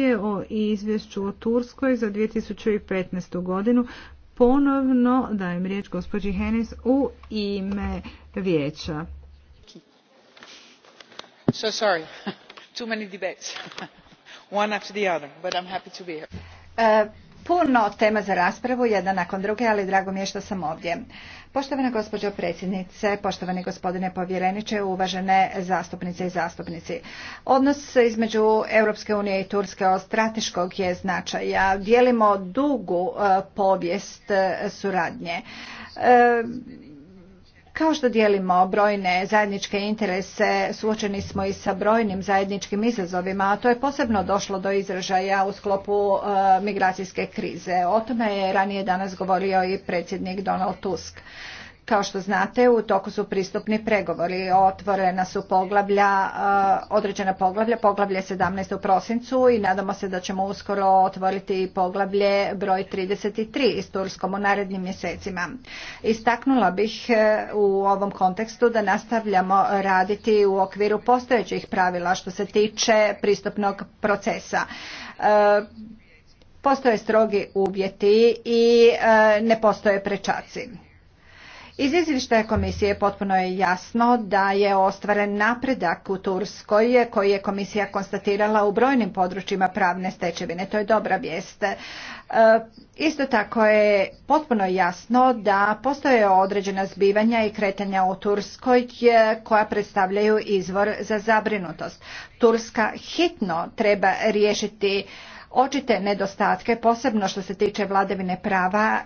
izvješće o izvješću o Turskoj za 2015. godinu. Ponovno dajem riječ gospođi Henis u ime vijeća. So sorry, too many debates, one after the other, but I'm happy to be here. Uh, puno tema za raspravu, jedna nakon druge, ali drago mi je što sam ovdje. Poštovana gospođo predsjednice, poštovani gospodine povjereniče, uvažene zastupnice i zastupnici. Odnos između Europske unije i Turske od strateškog je značaja. Dijelimo dugu e, povijest e, suradnje. E, kao što dijelimo brojne zajedničke interese, suočeni smo i sa brojnim zajedničkim izazovima, a to je posebno došlo do izražaja u sklopu e, migracijske krize. O tome je ranije danas govorio i predsjednik Donald Tusk. Kao što znate, u toku su pristupni pregovori. Otvorena su poglavlja, e, određena poglavlja, poglavlje 17. u prosincu i nadamo se da ćemo uskoro otvoriti poglavlje broj 33 s Turskom u narednim mjesecima. Istaknula bih e, u ovom kontekstu da nastavljamo raditi u okviru postojećih pravila što se tiče pristupnog procesa e, postoje strogi uvjeti i ne postoje prečaci. Iz izvještaja komisije potpuno je jasno da je ostvaren napredak u Turskoj koji je komisija konstatirala u brojnim područjima pravne stečevine. To je dobra vijest. E, isto tako je potpuno jasno da postoje određena zbivanja i kretanja u Turskoj e, koja predstavljaju izvor za zabrinutost. Turska hitno treba riješiti očite nedostatke, posebno što se tiče vladavine prava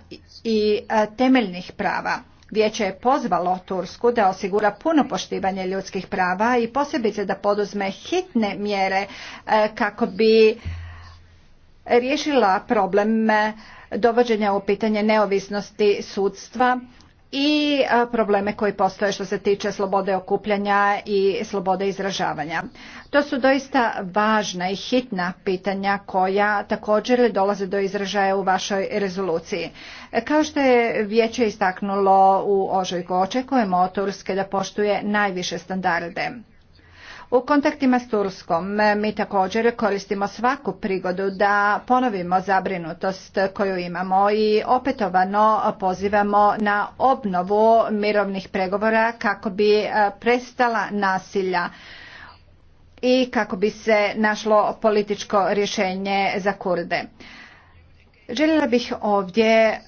i e, temeljnih prava. Vijeće je pozvalo Tursku da osigura puno poštivanje ljudskih prava i posebice da poduzme hitne mjere e, kako bi riješila problem e, dovođenja u pitanje neovisnosti sudstva i probleme koji postoje što se tiče slobode okupljanja i slobode izražavanja. To su doista važna i hitna pitanja koja također dolaze do izražaja u vašoj rezoluciji. Kao što je vijeće istaknulo u ožujku, očekujemo od Turske da poštuje najviše standarde. U kontaktima s Turskom e, mi također koristimo svaku prigodu da ponovimo zabrinutost koju imamo i opetovano pozivamo na obnovu mirovnih pregovora kako bi e, prestala nasilja i kako bi se našlo političko rješenje za Kurde. Željela bih ovdje e,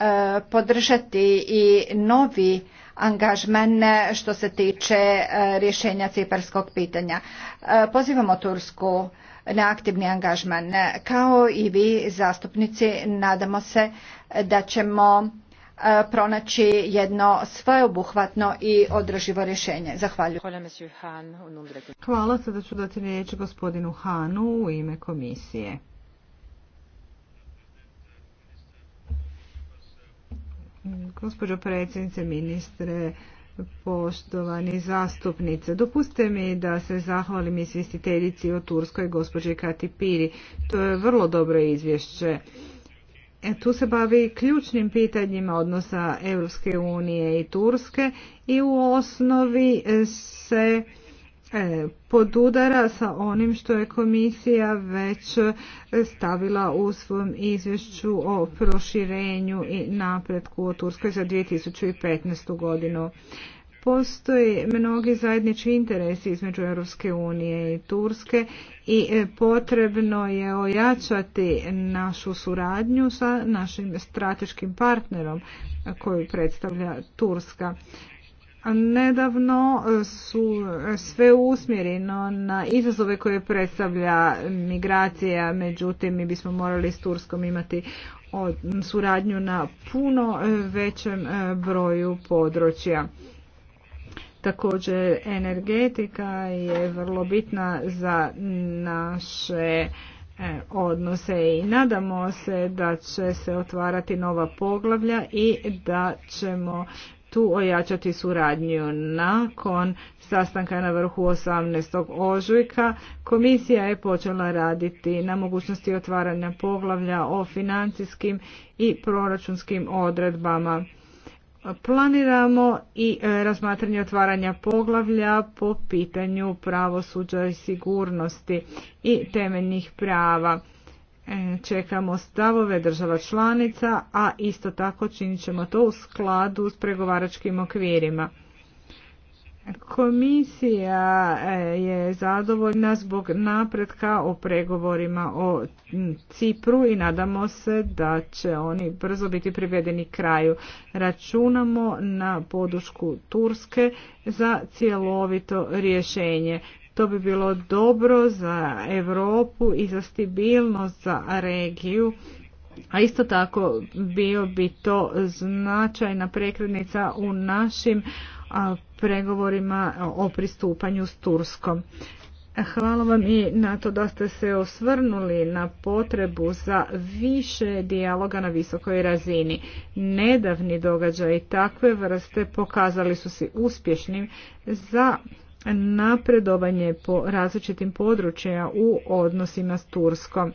podržati i novi angažman što se tiče e, rješenja ciparskog pitanja. E, pozivamo Tursku na aktivni angažman. Kao i vi zastupnici nadamo se da ćemo e, pronaći jedno sveobuhvatno i održivo rješenje. Zahvaljujem. Hvala, sada ću dati riječ gospodinu Hanu u ime komisije. Gospođo predsjednice, ministre, poštovani zastupnice, dopustite mi da se zahvalim izvjestiteljici o Turskoj, gospođe Kati Piri. To je vrlo dobro izvješće. E, tu se bavi ključnim pitanjima odnosa Europske unije i Turske i u osnovi se E, podudara sa onim što je komisija već stavila u svom izvješću o proširenju i napretku o Turskoj za 2015. godinu. Postoji mnogi zajednički interesi između Europske unije i Turske i e, potrebno je ojačati našu suradnju sa našim strateškim partnerom koju predstavlja Turska. Nedavno e, su e, sve usmjereno na izazove koje predstavlja migracija, međutim mi bismo morali s Turskom imati suradnju na puno e, većem broju područja. Također energetika je vrlo bitna za naše odnose i nadamo se da će se otvarati nova poglavlja i da ćemo tu ojačati suradnju. Nakon sastanka na vrhu 18. ožujka komisija je počela raditi na mogućnosti otvaranja poglavlja o financijskim i proračunskim odredbama. Planiramo i e, razmatranje otvaranja poglavlja po pitanju pravosuđa i sigurnosti i temeljnih prava. Mm, čekamo stavove država članica, a isto tako činit ćemo to u skladu s pregovaračkim okvirima. Komisija e, je zadovoljna zbog napretka o pregovorima o mm, Cipru i nadamo se da će oni brzo biti privedeni kraju. Računamo na podušku Turske za cjelovito rješenje. To bi bilo dobro za Europu i za stabilnost za regiju, a isto tako bio bi to značajna prekretnica u našim pregovorima o pristupanju s Turskom. Hvala vam i na to da ste se osvrnuli na potrebu za više dijaloga na visokoj razini. Nedavni događaj takve vrste pokazali su se uspješnim za napredovanje po različitim područjima u odnosima s Turskom.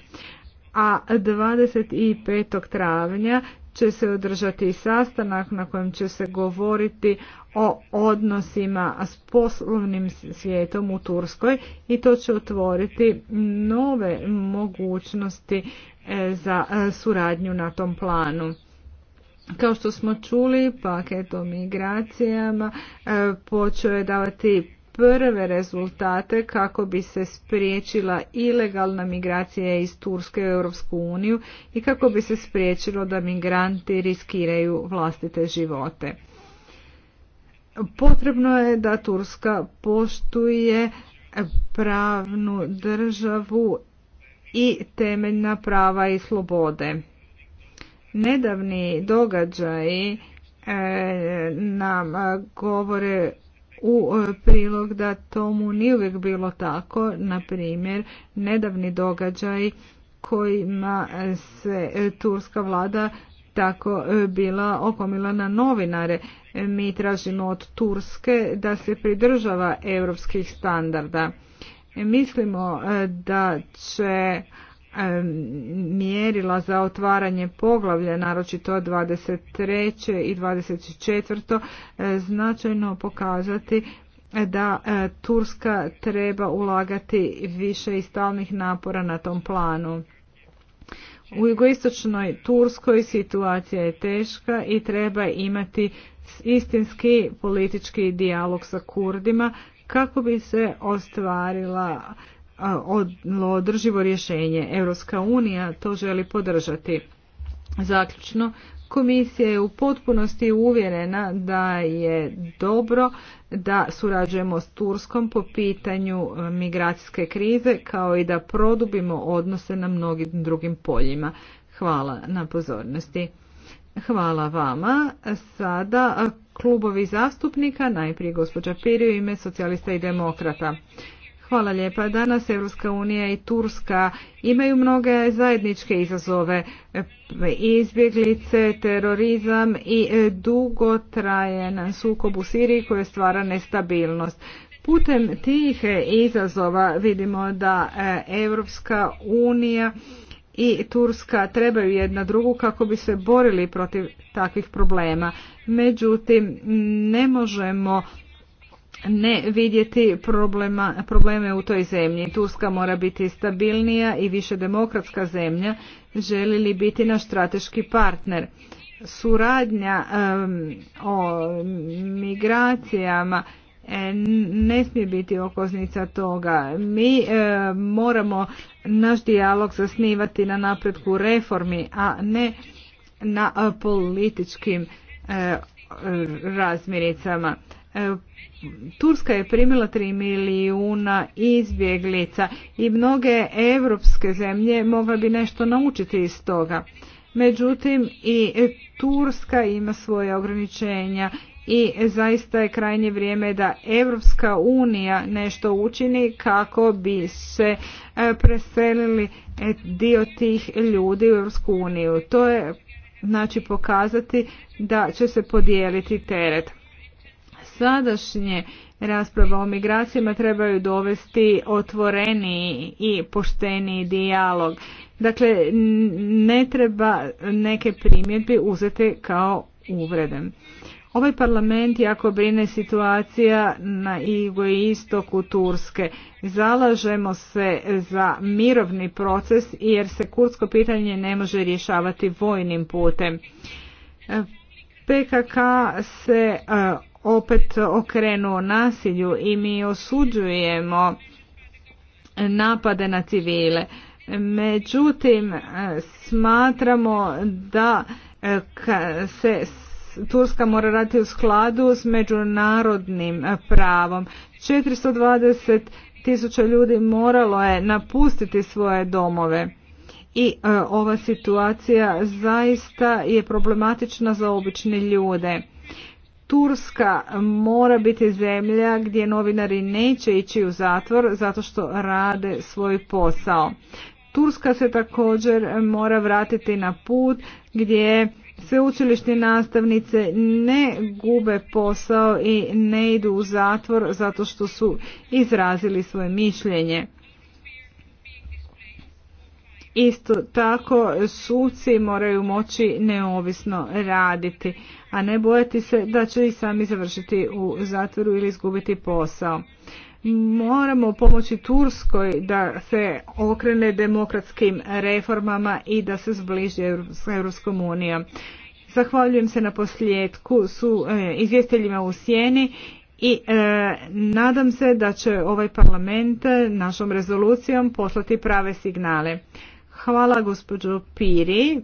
A 25. travnja će se održati sastanak na kojem će se govoriti o odnosima s poslovnim svijetom u Turskoj i to će otvoriti nove mogućnosti e, za e, suradnju na tom planu. Kao što smo čuli, paket o migracijama e, počeo je davati prve rezultate kako bi se spriječila ilegalna migracija iz Turske u Europsku uniju i kako bi se spriječilo da migranti riskiraju vlastite živote. Potrebno je da Turska poštuje pravnu državu i temeljna prava i slobode. Nedavni događaji e, nam govore u e, prilog da tomu nije uvijek bilo tako, na primjer nedavni događaj kojima se e, turska vlada tako e, bila okomila na novinare. Mi tražimo od Turske da se pridržava europskih standarda. Mislimo da će mjerila za otvaranje poglavlja, naročito 23. i 24. Eh, značajno pokazati da eh, Turska treba ulagati više i stalnih napora na tom planu. U jugoistočnoj Turskoj situacija je teška i treba imati istinski politički dijalog sa Kurdima kako bi se ostvarila održivo rješenje. Europska unija to želi podržati. Zaključno, komisija je u potpunosti uvjerena da je dobro da surađujemo s Turskom po pitanju e, migracijske krize kao i da produbimo odnose na mnogim drugim poljima. Hvala na pozornosti. Hvala vama. Sada e, klubovi zastupnika, najprije gospođa u ime socijalista i demokrata. Hvala lijepa. Danas Europska unija i Turska imaju mnoge zajedničke izazove. Izbjeglice, terorizam i dugotrajen sukob u Siriji koji stvara nestabilnost. Putem tih izazova vidimo da e, Europska unija i Turska trebaju jedna drugu kako bi se borili protiv takvih problema. Međutim, ne možemo ne vidjeti problema, probleme u toj zemlji. Turska mora biti stabilnija i više demokratska zemlja, želi li biti naš strateški partner. Suradnja o migracijama ne smije biti okoznica toga. Mi moramo naš dijalog zasnivati na napretku reformi, a ne na političkim e, e, razmiricama. E, Turska je primila 3 milijuna izbjeglica i mnoge europske zemlje mogle bi nešto naučiti iz toga. Međutim, i Turska ima svoje ograničenja i zaista je krajnje vrijeme da Evropska unija nešto učini kako bi se e, preselili e, dio tih ljudi u Evropsku uniju. To je znači pokazati da će se podijeliti teret sadašnje rasprave o migracijama trebaju dovesti otvoreniji i pošteniji dijalog. Dakle, ne treba neke primjedbe uzeti kao uvrede. Ovaj parlament jako brine situacija na jugoistoku Turske. Zalažemo se za mirovni proces jer se kurdsko pitanje ne može rješavati vojnim putem. PKK se opet okrenuo nasilju i mi osuđujemo napade na civile. Međutim, smatramo da e, se Turska mora raditi u skladu s međunarodnim e, pravom. 420 tisuća ljudi moralo je napustiti svoje domove i e, ova situacija zaista je problematična za obične ljude. Turska mora biti zemlja gdje novinari neće ići u zatvor zato što rade svoj posao. Turska se također mora vratiti na put gdje sveučilišni nastavnice ne gube posao i ne idu u zatvor zato što su izrazili svoje mišljenje. Isto tako suci moraju moći neovisno raditi, a ne bojati se da će i sami završiti u zatvoru ili izgubiti posao. Moramo pomoći Turskoj da se okrene demokratskim reformama i da se zbliži s Europskom Zahvaljujem se na posljedku su e, izvjestiteljima u sjeni i e, nadam se da će ovaj parlament e, našom rezolucijom poslati prave signale. Hvala gospođo Piri.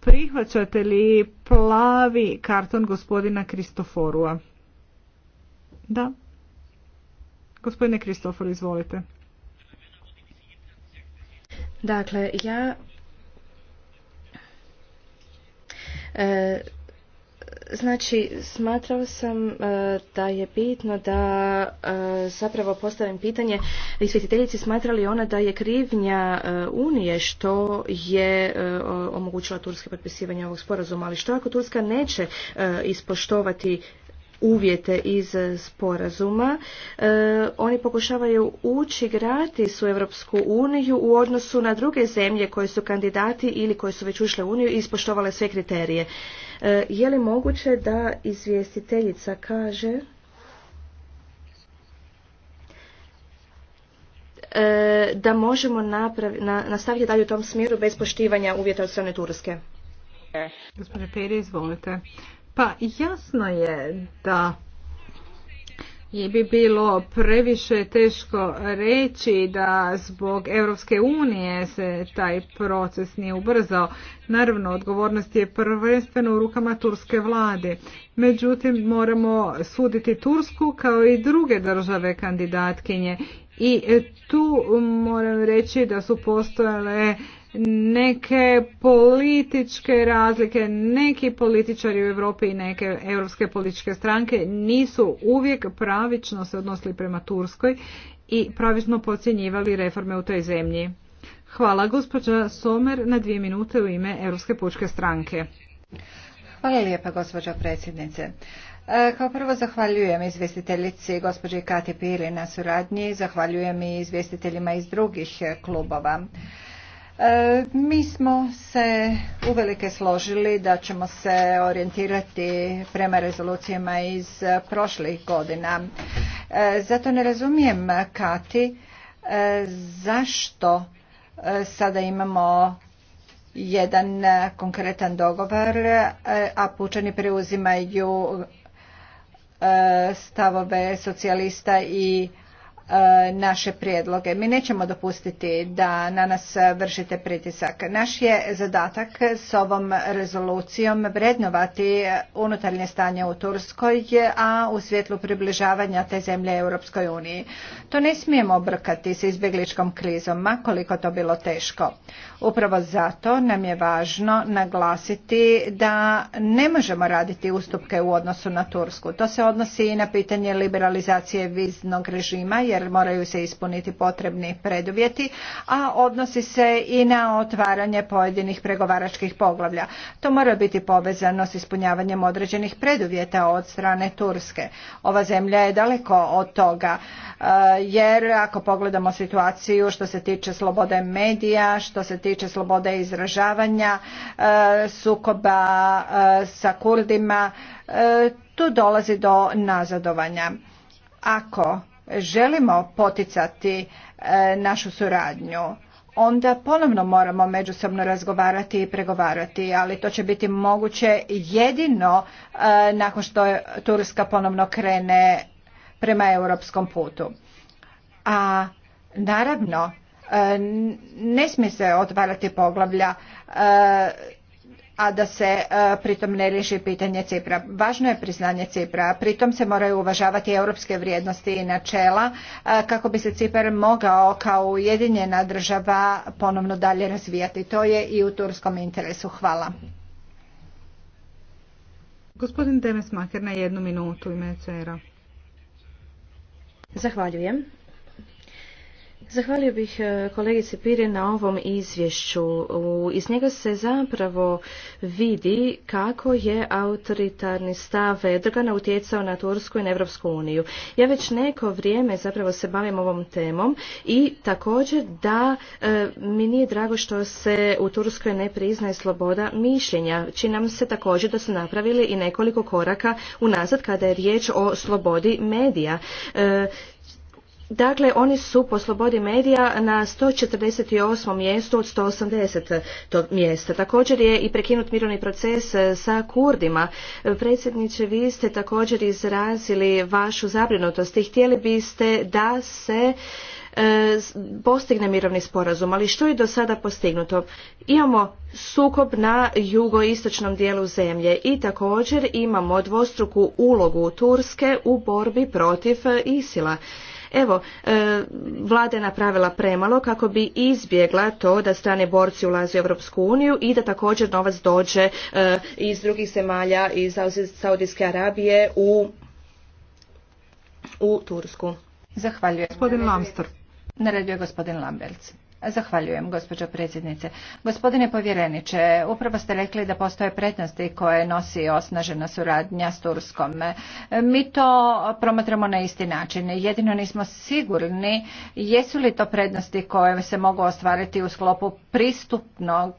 Prihvaćate li plavi karton gospodina Kristoforua? Da. Gospodine Kristofor, izvolite. Dakle, ja... E Znači, smatrao sam e, da je bitno da e, zapravo postavim pitanje svetiteljici smatrali ona da je krivnja e, Unije što je omogućila Turske potpisivanje ovog sporazuma, ali što ako Turska neće ispoštovati uvjete iz sporazuma. E, oni pokušavaju ući gratis u Europsku uniju u odnosu na druge zemlje koje su kandidati ili koje su već ušle u uniju i ispoštovale sve kriterije. E, je li moguće da izvjestiteljica kaže e, da možemo nastaviti dalje u tom smjeru bez poštivanja uvjeta od strane Turske? Gospodine Peri, izvolite. Pa jasno je da je bi bilo previše teško reći da zbog Europske unije se taj proces nije ubrzao. Naravno, odgovornost je prvenstveno u rukama turske vlade. Međutim, moramo suditi Tursku kao i druge države kandidatkinje. I tu moram reći da su postojale neke političke razlike, neki političari u Europi i neke europske političke stranke nisu uvijek pravično se odnosili prema Turskoj i pravično podcjenjivali reforme u toj zemlji. Hvala gospođa Somer na dvije minute u ime Europske pučke stranke. Hvala lijepa gospođo predsjednice. E, kao prvo zahvaljujem izvjestiteljici gospođi Kati Piri na suradnji, zahvaljujem i izvjestiteljima iz drugih klubova. E, mi smo se uvelike složili da ćemo se orijentirati prema rezolucijama iz prošlih godina. E, zato ne razumijem, Kati, e, zašto sada imamo jedan konkretan dogovor, a pučani preuzimaju stavove socijalista i E, naše prijedloge. Mi nećemo dopustiti da na nas vršite pritisak. Naš je zadatak s ovom rezolucijom vrednovati unutarnje stanje u Turskoj, a u svjetlu približavanja te zemlje Europskoj uniji. To ne smijemo obrkati s izbjegličkom krizom, koliko to bilo teško. Upravo zato nam je važno naglasiti da ne možemo raditi ustupke u odnosu na Tursku. To se odnosi i na pitanje liberalizacije viznog režima, jer jer moraju se ispuniti potrebni preduvjeti, a odnosi se i na otvaranje pojedinih pregovaračkih poglavlja. To mora biti povezano s ispunjavanjem određenih preduvjeta od strane Turske. Ova zemlja je daleko od toga, e, jer ako pogledamo situaciju što se tiče slobode medija, što se tiče slobode izražavanja, e, sukoba e, sa Kurdima, tu dolazi do nazadovanja. Ako želimo poticati e, našu suradnju onda ponovno moramo međusobno razgovarati i pregovarati, ali to će biti moguće jedino e, nakon što Turska ponovno krene prema europskom putu. A naravno, e, ne smije se otvarati poglavlja a da se e, pritom ne riješi pitanje Cipra. Važno je priznanje Cipra, pritom se moraju uvažavati europske vrijednosti i načela e, kako bi se Cipar mogao kao ujedinjena država ponovno dalje razvijati. To je i u turskom interesu. Hvala. Gospodin Demes na jednu minutu ime Zahvaljujem. Zahvalio bih e, kolegici Pire na ovom izvješću. Iz njega se zapravo vidi kako je autoritarni stav Erdogana utjecao na Tursku i na Evropsku uniju. Ja već neko vrijeme zapravo se bavim ovom temom i također da e, mi nije drago što se u Turskoj ne priznaje sloboda mišljenja. Čini nam se također da su napravili i nekoliko koraka unazad kada je riječ o slobodi medija. E, Dakle, oni su po slobodi medija na 148. mjestu od 180. Tog mjesta. Također je i prekinut mirovni proces e, sa Kurdima. E, predsjedniče, vi ste također izrazili vašu zabrinutost i htjeli biste da se e, postigne mirovni sporazum, ali što je do sada postignuto? Imamo sukob na jugoistočnom dijelu zemlje i također imamo dvostruku ulogu Turske u borbi protiv Isila. Evo, e, vlada je napravila premalo kako bi izbjegla to da strane borci ulaze u Europsku uniju i da također novac dođe e, iz drugih zemalja, iz Saudijske Arabije u, u Tursku. Zahvaljujem. Gospodin Lamster. Na je gospodin Lamberts. Zahvaljujem, gospođo predsjednice. Gospodine povjereniče, upravo ste rekli da postoje prednosti koje nosi osnažena suradnja s Turskom. Mi to promatramo na isti način. Jedino nismo sigurni jesu li to prednosti koje se mogu ostvariti u sklopu pristupnog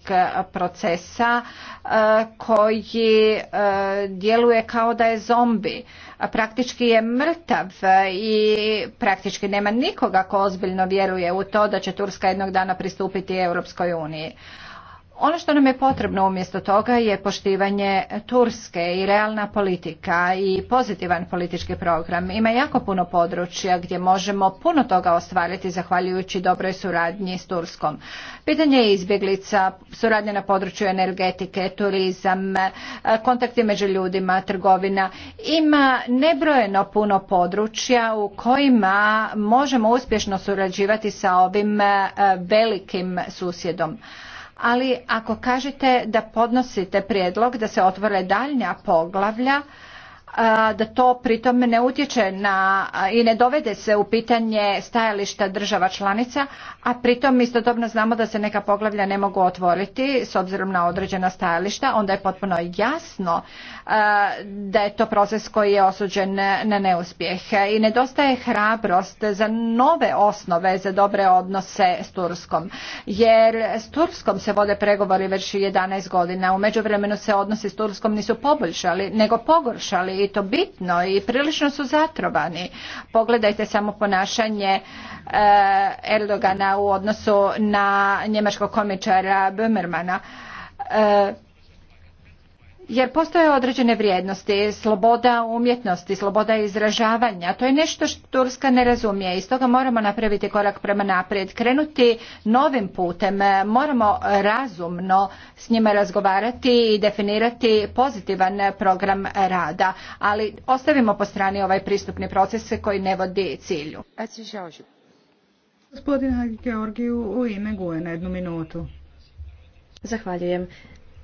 procesa eh, koji eh, djeluje kao da je zombi praktički je mrtav i praktički nema nikoga ko ozbiljno vjeruje u to da će Turska jednog dana pristupiti Europskoj uniji. Ono što nam je potrebno umjesto toga je poštivanje Turske i realna politika i pozitivan politički program. Ima jako puno područja gdje možemo puno toga ostvariti zahvaljujući dobroj suradnji s Turskom. Pitanje je izbjeglica, suradnje na području energetike, turizam, kontakti među ljudima, trgovina. Ima nebrojeno puno područja u kojima možemo uspješno surađivati sa ovim velikim susjedom ali ako kažete da podnosite prijedlog da se otvore daljnja poglavlja da to pritom ne utječe na i ne dovede se u pitanje stajališta država članica, a pritom istodobno znamo da se neka poglavlja ne mogu otvoriti s obzirom na određena stajališta, onda je potpuno jasno da je to proces koji je osuđen na neuspjeh i nedostaje hrabrost za nove osnove za dobre odnose s Turskom, jer s Turskom se vode pregovori već 11 godina, u međuvremenu se odnosi s Turskom nisu poboljšali, nego pogoršali je to bitno i prilično su zatrovani. Pogledajte samo ponašanje e, Erdogana u odnosu na njemačkog komičara Bömermana. E, jer postoje određene vrijednosti, sloboda umjetnosti, sloboda izražavanja. To je nešto što Turska ne razumije i stoga moramo napraviti korak prema naprijed, krenuti novim putem. Moramo razumno s njima razgovarati i definirati pozitivan program rada, ali ostavimo po strani ovaj pristupni proces koji ne vodi cilju. Gospodin Georgiju u ime Gujena, jednu minutu. Zahvaljujem.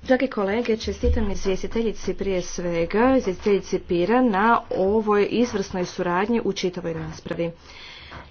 Dragi kolege, čestitam izvjestiteljici prije svega, izvjestiteljici Pira, na ovoj izvrsnoj suradnji u čitavoj raspravi.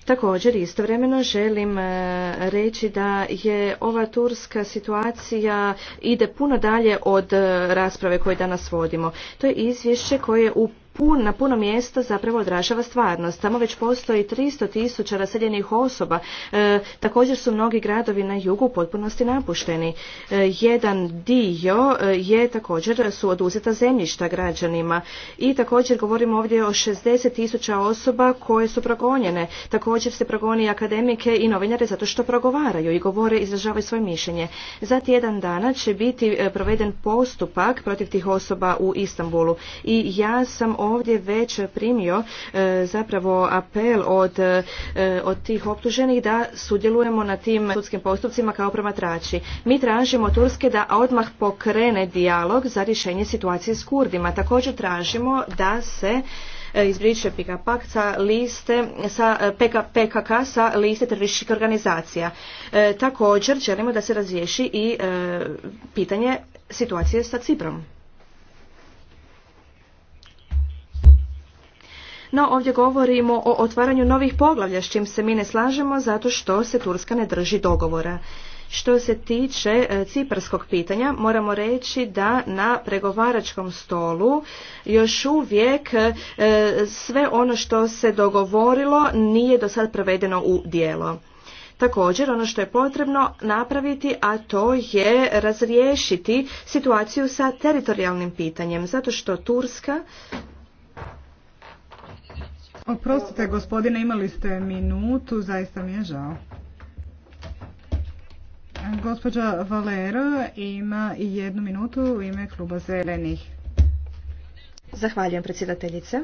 Također, istovremeno želim e, reći da je ova turska situacija ide puno dalje od e, rasprave koju danas vodimo. To je izvješće koje u pun, na puno mjesta zapravo odražava stvarnost. Tamo već postoji 300 tisuća raseljenih osoba. E, također su mnogi gradovi na jugu u potpunosti napušteni. E, jedan dio e, je također su oduzeta zemljišta građanima i također govorimo ovdje o 60 tisuća osoba koje su progonjene. Također se progoni akademike i novinare zato što progovaraju i govore, izražavaju svoje mišljenje. Za tjedan dana će biti proveden postupak protiv tih osoba u Istanbulu i ja sam ovdje već primio e, zapravo apel e, od, tih optuženih da sudjelujemo na tim sudskim postupcima kao promatrači. Mi tražimo Turske da odmah pokrene dijalog za rješenje situacije s Kurdima. Također tražimo da se e, izbriče PKK sa liste sa PKK sa liste terorističkih organizacija. također želimo da se razriješi i pitanje situacije sa Ciprom. No ovdje govorimo o otvaranju novih poglavlja s čim se mi ne slažemo zato što se Turska ne drži dogovora. Što se tiče e, ciparskog pitanja, moramo reći da na pregovaračkom stolu još uvijek e, sve ono što se dogovorilo nije do sad prevedeno u dijelo. Također, ono što je potrebno napraviti, a to je razriješiti situaciju sa teritorijalnim pitanjem, zato što Turska Oprostite gospodine, imali ste minutu, zaista mi je žao. Gospođa Valera ima i jednu minutu u ime kluba zelenih. Zahvaljujem predsjedateljice.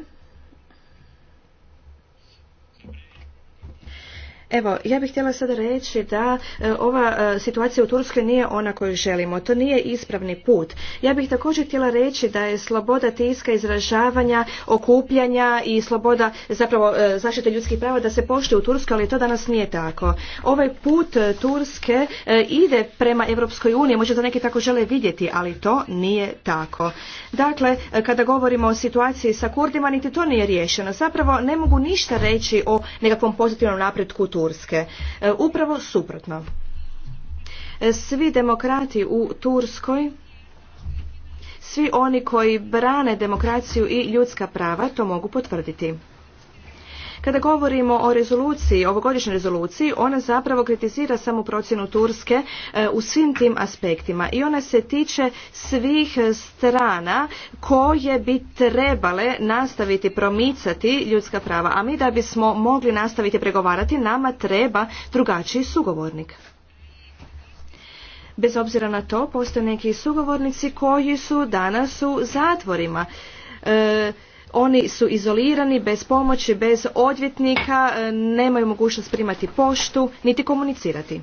Evo, ja bih htjela sada reći da e, ova e, situacija u Turskoj nije ona koju želimo. To nije ispravni put. Ja bih također htjela reći da je sloboda tiska, izražavanja, okupljanja i sloboda zapravo e, zaštite ljudskih prava da se poštuje u Turskoj, ali to danas nije tako. Ovaj put Turske ide prema Europskoj uniji, možda neki tako žele vidjeti, ali to nije tako. Dakle, kada govorimo o situaciji sa Kurdima, niti to nije riješeno. Zapravo ne mogu ništa reći o nekakvom pozitivnom napretku tu. Turske. E, upravo suprotno. E, svi demokrati u Turskoj svi oni koji brane demokraciju i ljudska prava to mogu potvrditi. Kada govorimo o rezoluciji, ovogodišnjoj rezoluciji, ona zapravo kritizira samo procjenu Turske e, u svim tim aspektima i ona se tiče svih strana koje bi trebale nastaviti promicati ljudska prava, a mi da bismo mogli nastaviti pregovarati nama treba drugačiji sugovornik. Bez obzira na to, postoje neki sugovornici koji su danas u zatvorima. E, oni su izolirani, bez pomoći, bez odvjetnika, e, nemaju mogućnost primati poštu, niti komunicirati.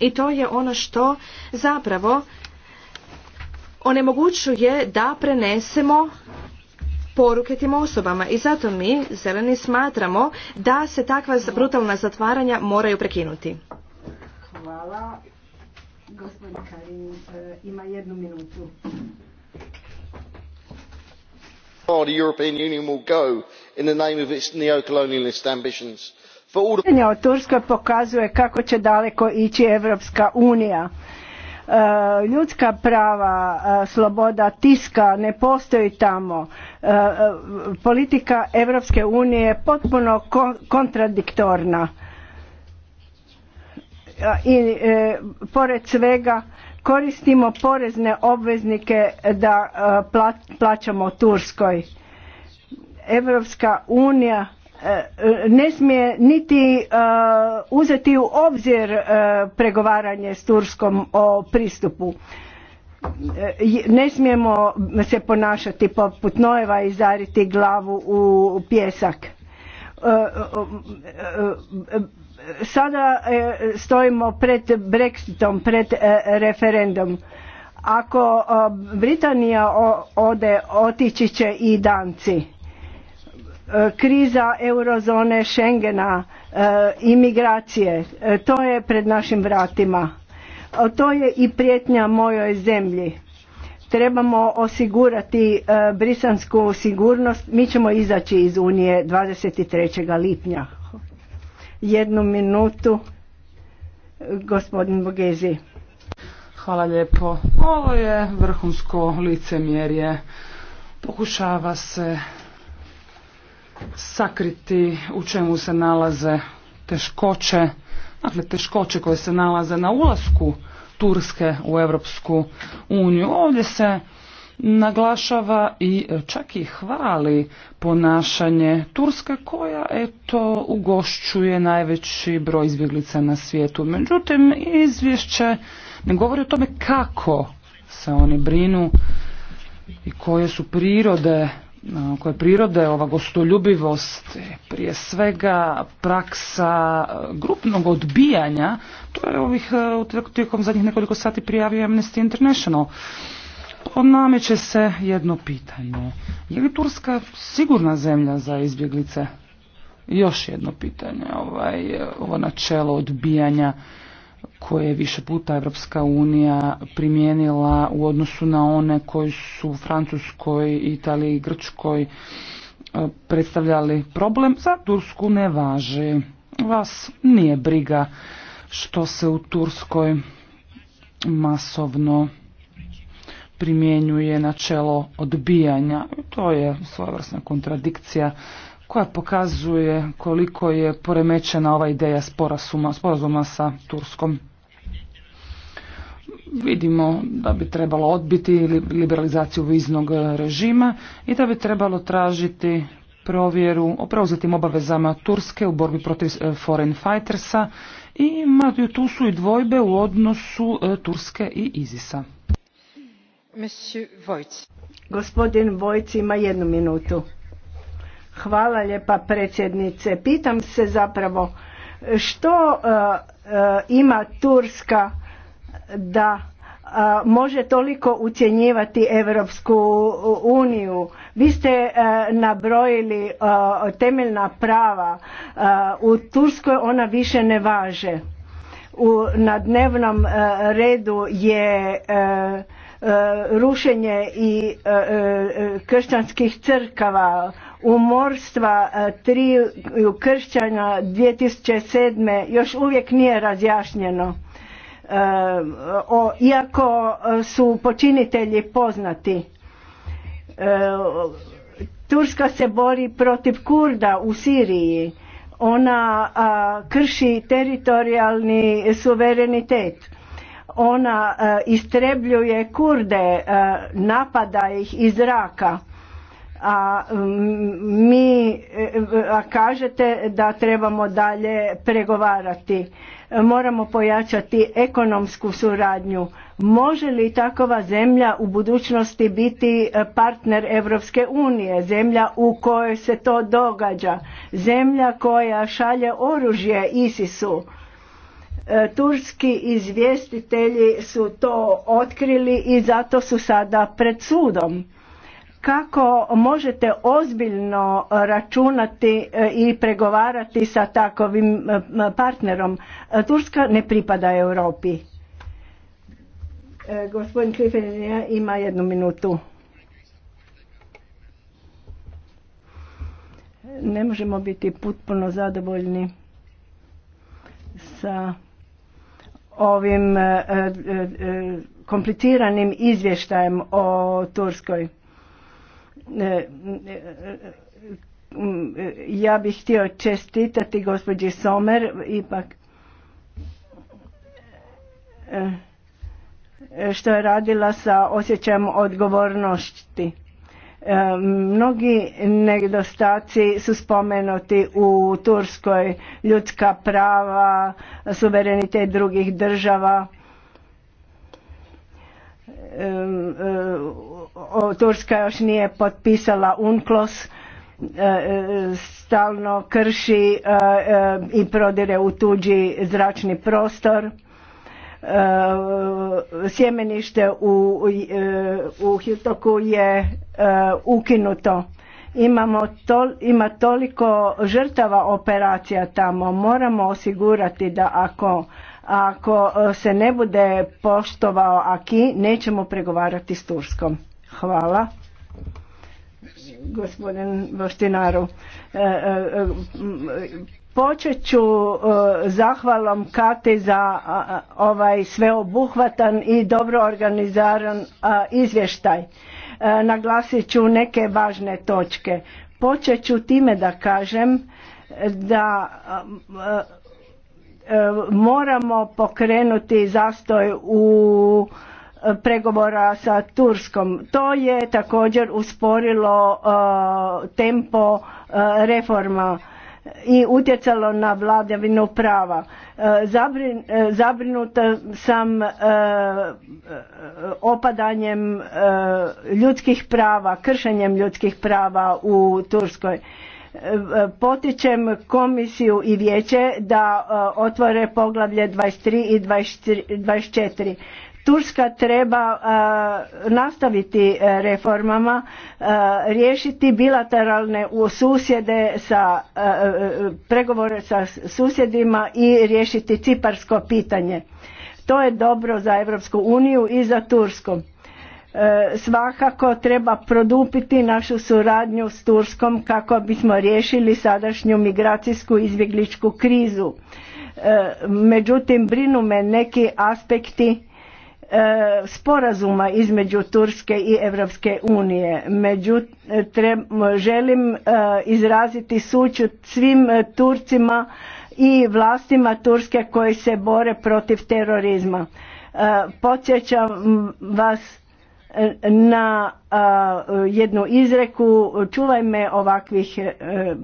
I to je ono što zapravo onemogućuje da prenesemo poruke tim osobama i zato mi, zeleni, smatramo da se takva brutalna zatvaranja moraju prekinuti. Hvala. Gospodin Karin e, ima jednu minutu pitanje o turskoj pokazuje kako će daleko ići europska unija. E, ljudska prava e, sloboda tiska ne postoji tamo. E, politika europske unije je potpuno kontradiktorna i pored svega koristimo porezne obveznike da e, plaćamo Turskoj. Evropska unija e, ne smije niti e, uzeti u obzir pregovaranje s Turskom o pristupu. Ne smijemo se ponašati poput nojeva i zariti glavu u pjesak sada e, stojimo pred Brexitom, pred e, referendum. Ako e, Britanija ode, otići će i Danci. Kriza eurozone, Schengena, imigracije, to je pred našim vratima. To je i prijetnja mojoj zemlji. Trebamo osigurati brisansku sigurnost. Mi ćemo izaći iz Unije 23. lipnja jednu minutu gospodin Bogezi. Hvala lijepo. Ovo je vrhunsko licemjerje. Pokušava se sakriti u čemu se nalaze teškoće, dakle teškoće koje se nalaze na ulasku Turske u Europsku uniju. Ovdje se naglašava i e, čak i hvali ponašanje Turske koja eto ugošćuje najveći broj izbjeglica na svijetu. Međutim, izvješće ne govori o tome kako se oni brinu i koje su prirode koje prirode ova gostoljubivost prije svega praksa e, grupnog odbijanja to je ovih e, tijekom zadnjih nekoliko sati prijavio Amnesty International nameće se jedno pitanje. Je li Turska sigurna zemlja za izbjeglice? Još jedno pitanje, ovaj, ovo načelo odbijanja koje je više puta Evropska unija primijenila u odnosu na one koji su u Francuskoj, Italiji i Grčkoj e, predstavljali problem, za Tursku ne važi. Vas nije briga što se u Turskoj masovno primjenjuje načelo odbijanja. To je svojevrsna kontradikcija koja pokazuje koliko je poremećena ova ideja sporazuma, sporazuma sa Turskom. Vidimo da bi trebalo odbiti liberalizaciju viznog režima i da bi trebalo tražiti provjeru o preuzetim obavezama Turske u borbi protiv e, foreign fightersa i tu su i dvojbe u odnosu e, Turske i Izisa gospođo Gospodin Vojci ima jednu minutu. Hvala predsjednice. Pitam se zapravo što e, e, ima Turska da e, može toliko ucjenjivati Europsku uniju. Vi ste nabrojili temeljna prava. U Turskoj ona više ne važe. U, na dnevnom redu je rušenje i e, e, kršćanskih crkava, umorstva e, triju kršćana 2007. još uvijek nije razjašnjeno. Iako su počinitelji poznati, Turska se bori protiv Kurda u Siriji. Ona krši teritorijalni suverenitet ona e, istrebljuje kurde, e, napada ih iz zraka. A mi e, a kažete da trebamo dalje pregovarati. Moramo pojačati ekonomsku suradnju. Može li takova zemlja u budućnosti biti partner Europske unije, zemlja u kojoj se to događa, zemlja koja šalje oružje ISIS-u? E, turski izvjestitelji su to otkrili i zato su sada pred sudom. Kako možete ozbiljno računati e, i pregovarati sa takovim e, partnerom? Turska ne pripada Europi. Gospodin Kliferin ima jednu minutu. Ne možemo biti potpuno zadovoljni sa ovim e, e, e, kompliciranim izvještajem o Turskoj. Ja bih htio čestitati gospođi Somer, ipak što je radila sa osjećajem odgovornosti. E, mnogi nedostaci su spomenuti u Turskoj ljudska prava, suverenitet drugih država, e, Turska još nije potpisala UNCLOS, e, stalno krši i prodire u tuđi zračni prostor E, sjemenište u, u e, Hiltoku je e, ukinuto. Imamo ima toliko žrtava operacija tamo. Moramo osigurati da ako, ako se ne bude poštovao AKI, nećemo pregovarati s Turskom. Hvala gospodin Počet ću e, zahvalom Kati za ovaj sveobuhvatan i dobro organiziran izvještaj. E, naglasit ću neke važne točke. Počet ću time da kažem da e, moramo pokrenuti zastoj u pregovora sa Turskom. To je također usporilo tempo reforma i utjecalo na vladavinu prava. E, e, Zabrinuta sam e, opadanjem ljudskih prava, kršenjem ljudskih prava u Turskoj. Potičem komisiju i vijeće da otvore poglavlje 23 i 24. Turska treba e, nastaviti e, reformama, e, riješiti bilateralne susjede sa pregovore sa susjedima i riješiti ciparsko pitanje. To je dobro za Europsku uniju i za Tursku. Svakako treba produpiti našu suradnju s Turskom kako bismo riješili sadašnju migracijsku izbjegličku krizu. Međutim, brinu me neki aspekti E, sporazuma između Turske i Europske unije. Međutim, e, želim e, izraziti sućut svim Turcima i vlastima Turske koji se bore protiv terorizma. Podsjećam vas na jednu izreku, čuvaj me ovakvih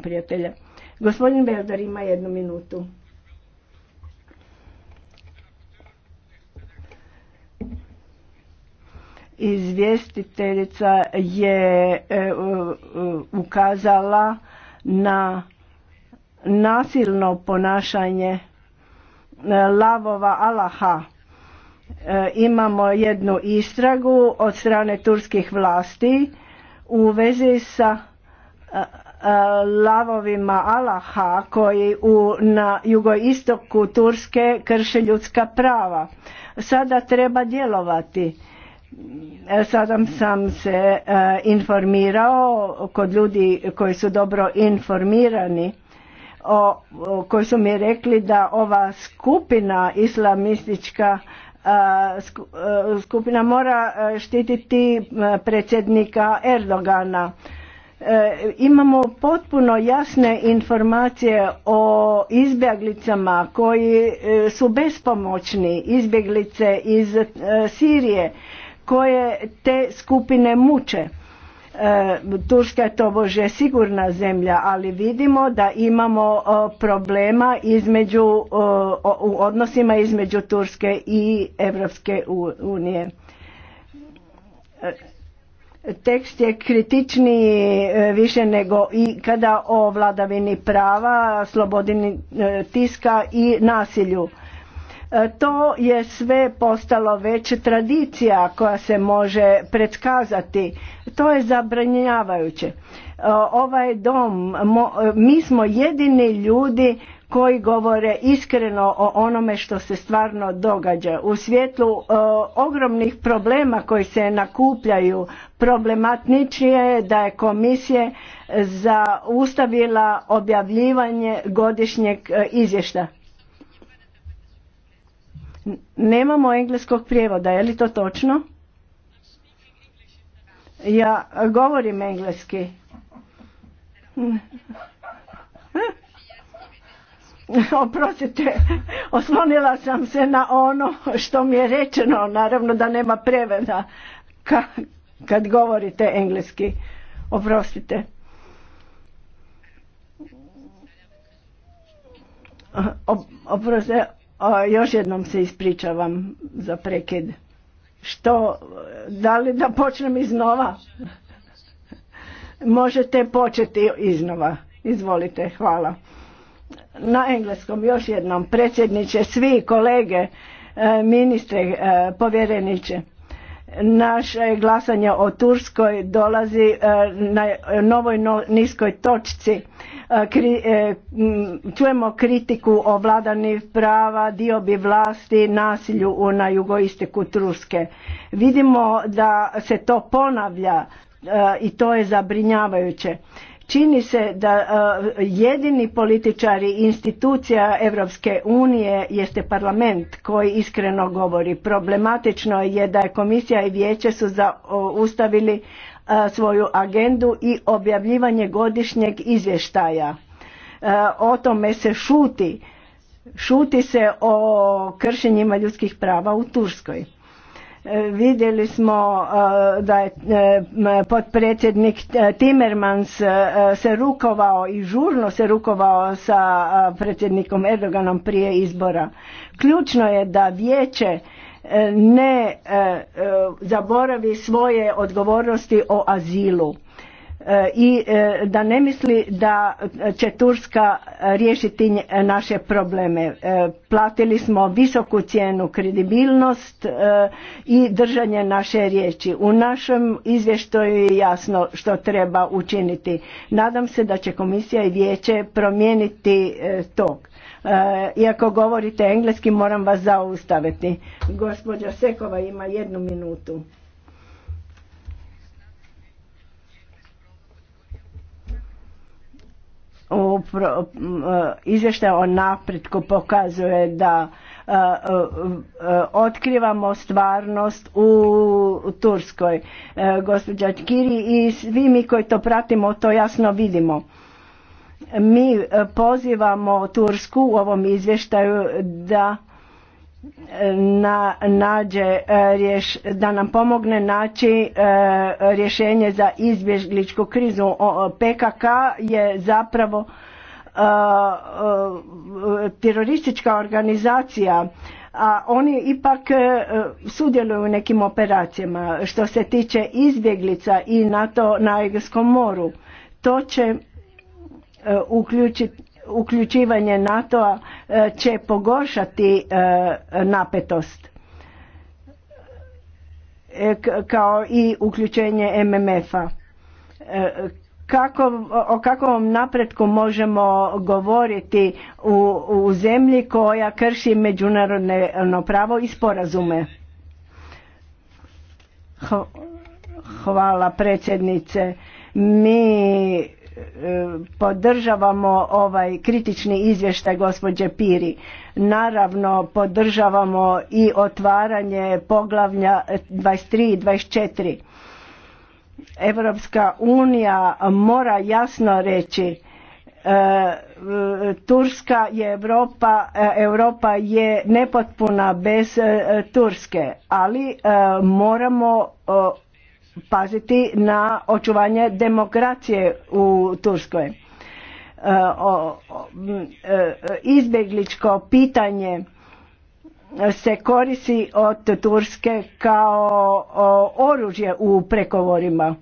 prijatelja. Gospodin Beldar ima jednu minutu. Izvjestiteljica je e, e, ukazala na nasilno ponašanje e, lavova Alaha. Imamo jednu istragu od strane turskih vlasti u vezi sa lavovima Alaha koji u, na jugoistoku Turske krše ljudska prava. Sada treba djelovati E, sada sam se e, informirao kod ljudi koji su dobro informirani o, koji su mi rekli da ova skupina islamistička e, skupina mora štititi predsjednika Erdogana. Imamo potpuno jasne informacije o izbjeglicama koji su bespomoćni, izbjeglice iz Sirije koje te skupine muče. E, Turska je to bože sigurna zemlja, ali vidimo da imamo problema između, u odnosima između Turske i Evropske unije. E, tekst je kritičniji e, više nego i kada o vladavini prava, slobodini tiska i nasilju E, to je sve postalo već tradicija koja se može pretkazati. To je zabranjavajuće. E, ovaj dom, mi smo jedini ljudi koji govore iskreno o onome što se stvarno događa. U svjetlu e, ogromnih problema koji se nakupljaju problematničnije je da je komisije zaustavila objavljivanje godišnjeg izvješta. Nemamo engleskog prijevoda, je li to točno? Ja govorim engleski. Oprostite, oslonila sam se na ono što mi je rečeno, naravno da nema preveda kad govorite engleski. Oprostite. Oprostite, još jednom se ispričavam za prekid. Što, da li da počnem iznova? Možete početi iznova. Izvolite, hvala. Na engleskom još jednom, predsjedniče, svi kolege, e, ministre, e, povjereniče. Naše glasanje o Turskoj dolazi e, na novoj niskoj točci E, e, čujemo kritiku o vladanih prava, diobi vlasti, nasilju na jugoistiku Truske. Vidimo da se to ponavlja e, i to je zabrinjavajuće. Čini se da jedini političari institucija Europske unije jeste parlament koji iskreno govori. Problematično je da je komisija i vijeće su zaustavili svoju agendu i objavljivanje godišnjeg izvještaja. O tome se šuti. Šuti se o kršenjima ljudskih prava u Turskoj. E, vidjeli smo da je e, potpredsjednik e, Timmermans se rukovao i žurno se rukovao sa predsjednikom Erdoganom prije izbora. Ključno je da vijeće E, ne e, e, zaboravi svoje odgovornosti o azilu i da ne misli da će Turska riješiti naše probleme. Platili smo visoku cijenu kredibilnost i držanje naše riječi. U našem izvještaju je jasno što treba učiniti. Nadam se da će komisija i vijeće promijeniti tog. Eh, iako govorite engleski, moram vas zaustaviti. Gospođa Sekova ima jednu minutu. Eh, izvještaj o napretku pokazuje da eh, otkrivamo stvarnost u Turskoj. Gospođa Kiri i svi mi koji to pratimo to jasno vidimo. Mi e, pozivamo Tursku u ovom izvještaju da e, nađe e, da nam pomogne naći rješenje za izbjegličku krizu. PKK je zapravo teroristička organizacija a oni ipak sudjeluju u nekim operacijama što se tiče izbjeglica i NATO na Egeskom moru. To će uključivanje NATO-a e, će pogoršati e, napetost e, kao i uključenje MMF-a. Kako, o kakvom napretku možemo govoriti u, u zemlji koja krši međunarodno ono, pravo i sporazume? Hvala predsjednice. Mi podržavamo ovaj kritični izvještaj gospođe Piri. Naravno podržavamo i otvaranje poglavlja 23 i 24. Europska unija mora jasno reći e, Turska je Europa, Europa je nepotpuna bez e, Turske, ali e, moramo paziti na očuvanje demokracije u Turskoj. E, e, izbjegličko pitanje se koristi od Turske kao oružje u pregovorima.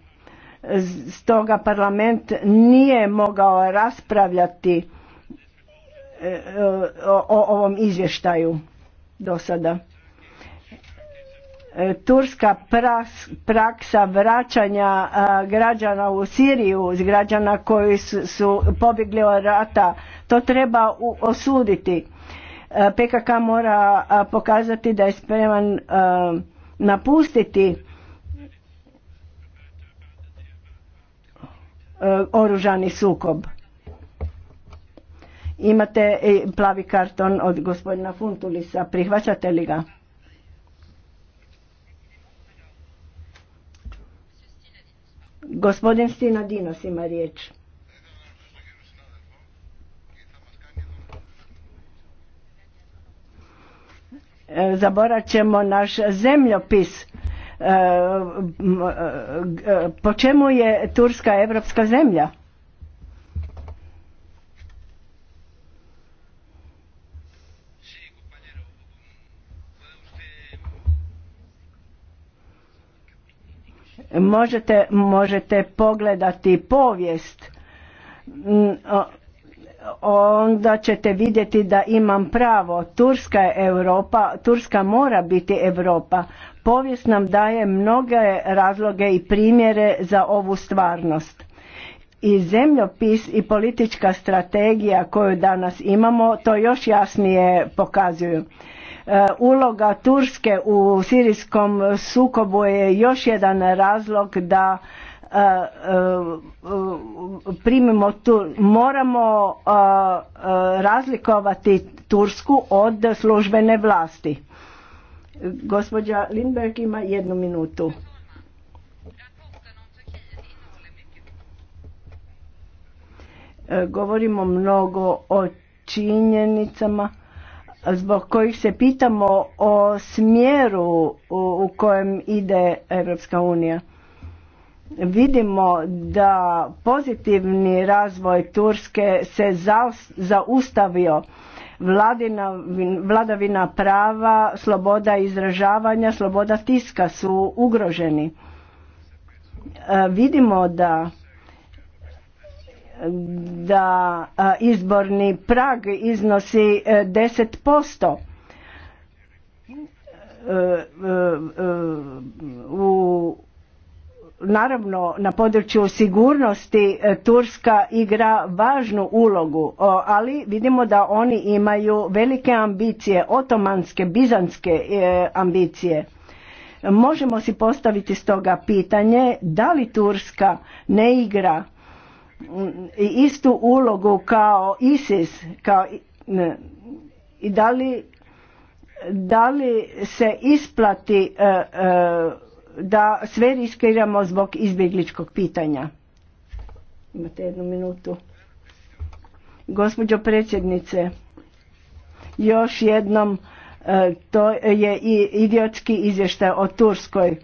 Stoga parlament nije mogao raspravljati e, o ovom izvještaju do sada. E, turska praksa vraćanja e, građana u Siriju, građana koji su, pobjegli od rata, to treba osuditi. E, PKK mora pokazati da je spreman napustiti oružani sukob. Imate plavi karton od gospodina Funtulisa, prihvaćate li ga? Gospodin Stina Dinos ima riječ. E, Zaborat ćemo naš zemljopis. E, e, po čemu je Turska evropska zemlja? Možete, možete pogledati povijest, mm, onda ćete vidjeti da imam pravo. Turska je Europa, Turska mora biti Europa. Povijest nam daje mnoge razloge i primjere za ovu stvarnost. I zemljopis i politička strategija koju danas imamo to još jasnije pokazuju. E, uloga Turske u sirijskom sukobu je još jedan razlog da e, e, primimo tu, moramo razlikovati Tursku od službene vlasti. Gospođa Lindberg ima jednu minutu. Govorimo mnogo o činjenicama zbog kojih se pitamo o smjeru u kojem ide Europska unija. Vidimo da pozitivni razvoj Turske se zaustavio. Vladina, vladavina prava, sloboda izražavanja, sloboda tiska su ugroženi. E, vidimo da da izborni prag iznosi 10% e, e, e, u naravno na području sigurnosti Turska igra važnu ulogu, ali vidimo da oni imaju velike ambicije, otomanske, bizanske ambicije. Možemo si postaviti stoga pitanje da li Turska ne igra istu ulogu kao ISIS kao i da li se isplati e, e, da sve riskiramo zbog izbjegličkog pitanja imate jednu minutu gospođo predsjednice još jednom e, to je i idiotski izvještaj o Turskoj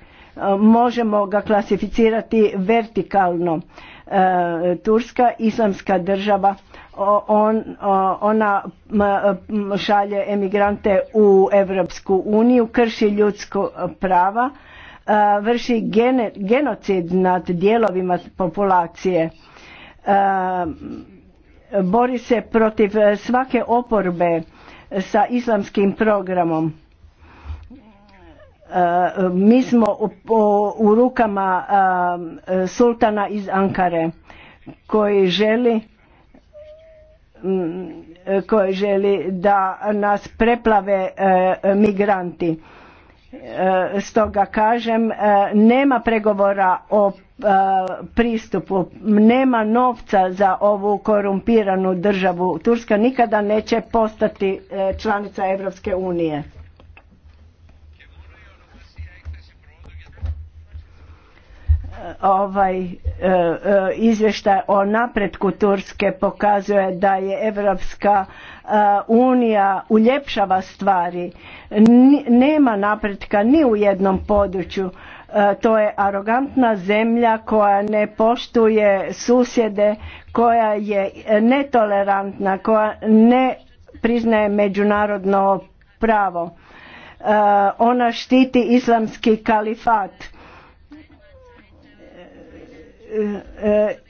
možemo ga klasificirati vertikalno E, turska, islamska država, ona šalje emigrante u Europsku uniju, krši ljudsko prava, e, vrši genocid nad dijelovima populacije, e, bori se protiv svake oporbe sa islamskim programom mi smo u rukama um, sultana iz Ankare koji želi mm, koji želi da nas preplave uh, migranti uh, stoga kažem uh, nema pregovora o pristupu nema novca za ovu korumpiranu državu Turska nikada neće postati članica Europske unije ovaj e, e, izvještaj o napretku Turske pokazuje da je Evropska e, unija uljepšava stvari. Nema napretka ni u jednom području. To je arogantna zemlja koja ne poštuje susjede, koja je netolerantna, koja ne priznaje međunarodno pravo. Ona štiti islamski kalifat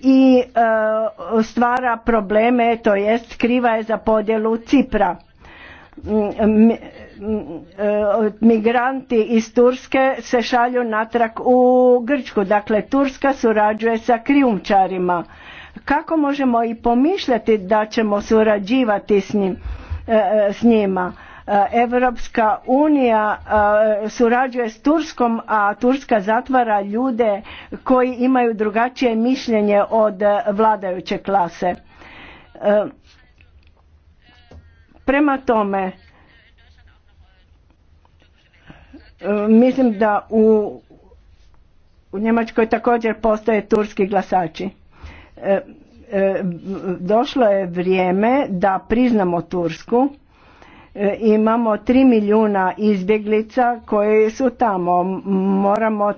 i e, stvara probleme, to jest kriva je za podjelu Cipra. Mm, e, migranti iz Turske se šalju natrag u Grčku, dakle Turska surađuje sa krijumčarima. Kako možemo i pomišljati da ćemo surađivati s e, njima? Europska unija e, surađuje s Turskom, a Turska zatvara ljude koji imaju drugačije mišljenje od e, vladajuće klase. E, prema tome, mislim da u, u Njemačkoj također postoje turski glasači. Došlo je vrijeme da priznamo Tursku E, imamo tri milijuna izbjeglica koje su tamo. Moramo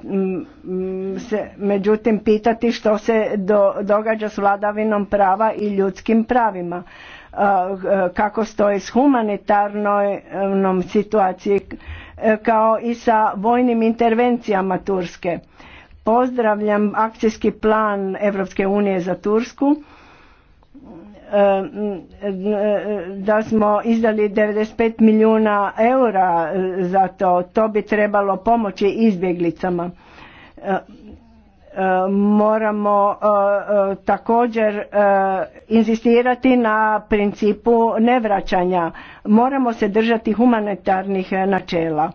se međutim pitati što se do, događa s vladavinom prava i ljudskim pravima. E, kako stoji s humanitarnom situaciji e, kao i sa vojnim intervencijama Turske. Pozdravljam akcijski plan Europske unije za Tursku Eh, da smo izdali 95 milijuna eura eh, za to. To bi trebalo pomoći izbjeglicama. Eh, moramo također inzistirati na principu nevraćanja. Moramo se držati humanitarnih načela.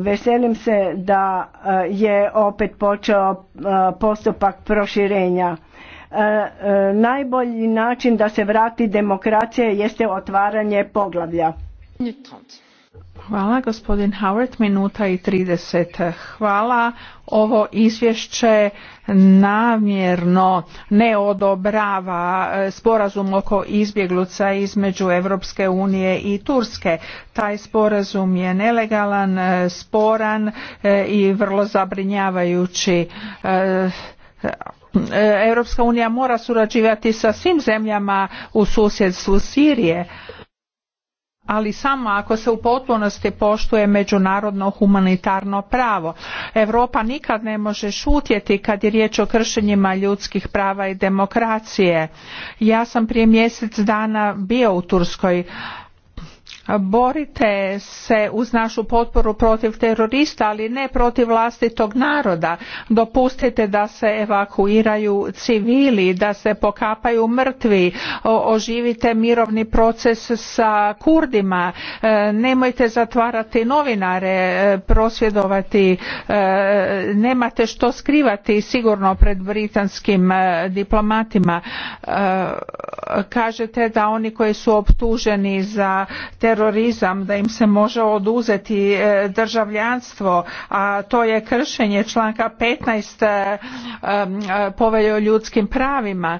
Veselim se da je opet počeo postupak proširenja E, e, najbolji način da se vrati demokracija jeste otvaranje poglavlja. Hvala gospodin Howard, minuta i 30. Hvala. Ovo izvješće namjerno ne odobrava e, sporazum oko izbjegluca između Europske unije i Turske. Taj sporazum je nelegalan, sporan i vrlo zabrinjavajući Europska unija mora surađivati sa svim zemljama u susjedstvu Sirije ali samo ako se u potpunosti poštuje međunarodno humanitarno pravo. Europa nikad ne može šutjeti kad je riječ o kršenjima ljudskih prava i demokracije. Ja sam prije mjesec dana bio u Turskoj borite se uz našu potporu protiv terorista ali ne protiv vlastitog naroda dopustite da se evakuiraju civili da se pokapaju mrtvi oživite mirovni proces sa kurdima e, nemojte zatvarati novinare e, prosvjedovati e, nemate što skrivati sigurno pred britanskim diplomatima kažete da oni koji su optuženi za terorizam, da im se može oduzeti e, državljanstvo, a to je kršenje članka 15 e, e, povelje o ljudskim pravima.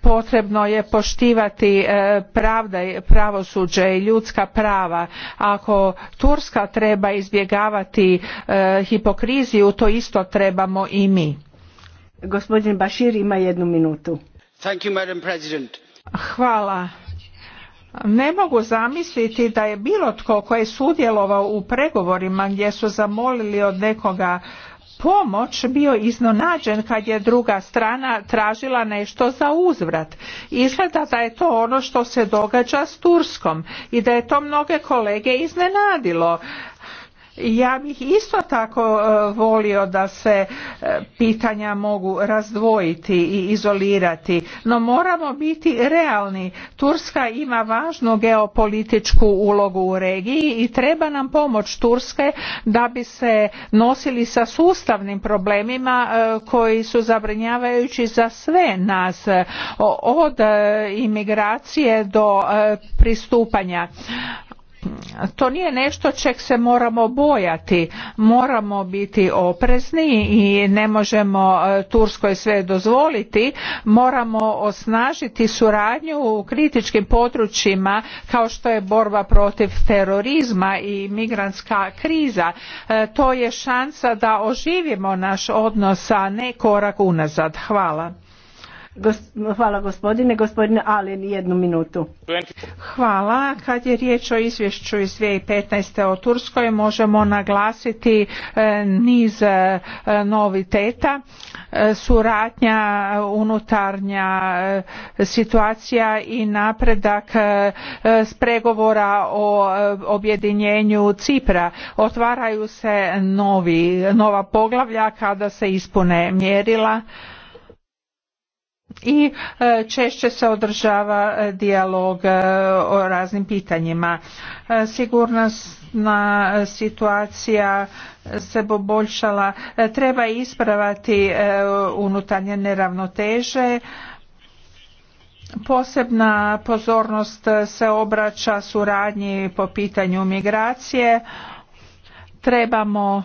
Potrebno je poštivati pravda, pravosuđe i ljudska prava. Ako Turska treba izbjegavati hipokriziju, to isto trebamo i mi. Gospodin Bašir ima jednu minutu. Hvala ne mogu zamisliti da je bilo tko koji je sudjelovao u pregovorima gdje su zamolili od nekoga pomoć bio iznenađen kad je druga strana tražila nešto za uzvrat. Izgleda da je to ono što se događa s Turskom i da je to mnoge kolege iznenadilo. Ja bih isto tako e, volio da se e, pitanja mogu razdvojiti i izolirati, no moramo biti realni. Turska ima važnu geopolitičku ulogu u regiji i treba nam pomoć Turske da bi se nosili sa sustavnim problemima e, koji su zabrinjavajući za sve nas od imigracije do pristupanja to nije nešto čeg se moramo bojati moramo biti oprezni i ne možemo e, turskoj sve dozvoliti moramo osnažiti suradnju u kritičkim područjima kao što je borba protiv terorizma i migrantska kriza e, to je šansa da oživimo naš odnos a ne korak unazad hvala hvala gospodine. Gospodine ni jednu minutu. Hvala. Kad je riječ o izvješću iz 2015. o Turskoj, možemo naglasiti e, niz e, noviteta. E, Suratnja, unutarnja situacija i napredak s pregovora o objedinjenju Cipra. Otvaraju se nova poglavlja kada se ispune mjerila i e, češće se održava e, dijalog e, o raznim pitanjima. Sigurnostna situacija se poboljšala, treba ispravati unutarnje neravnoteže, Posebna pozornost se obraća suradnji po pitanju migracije. Trebamo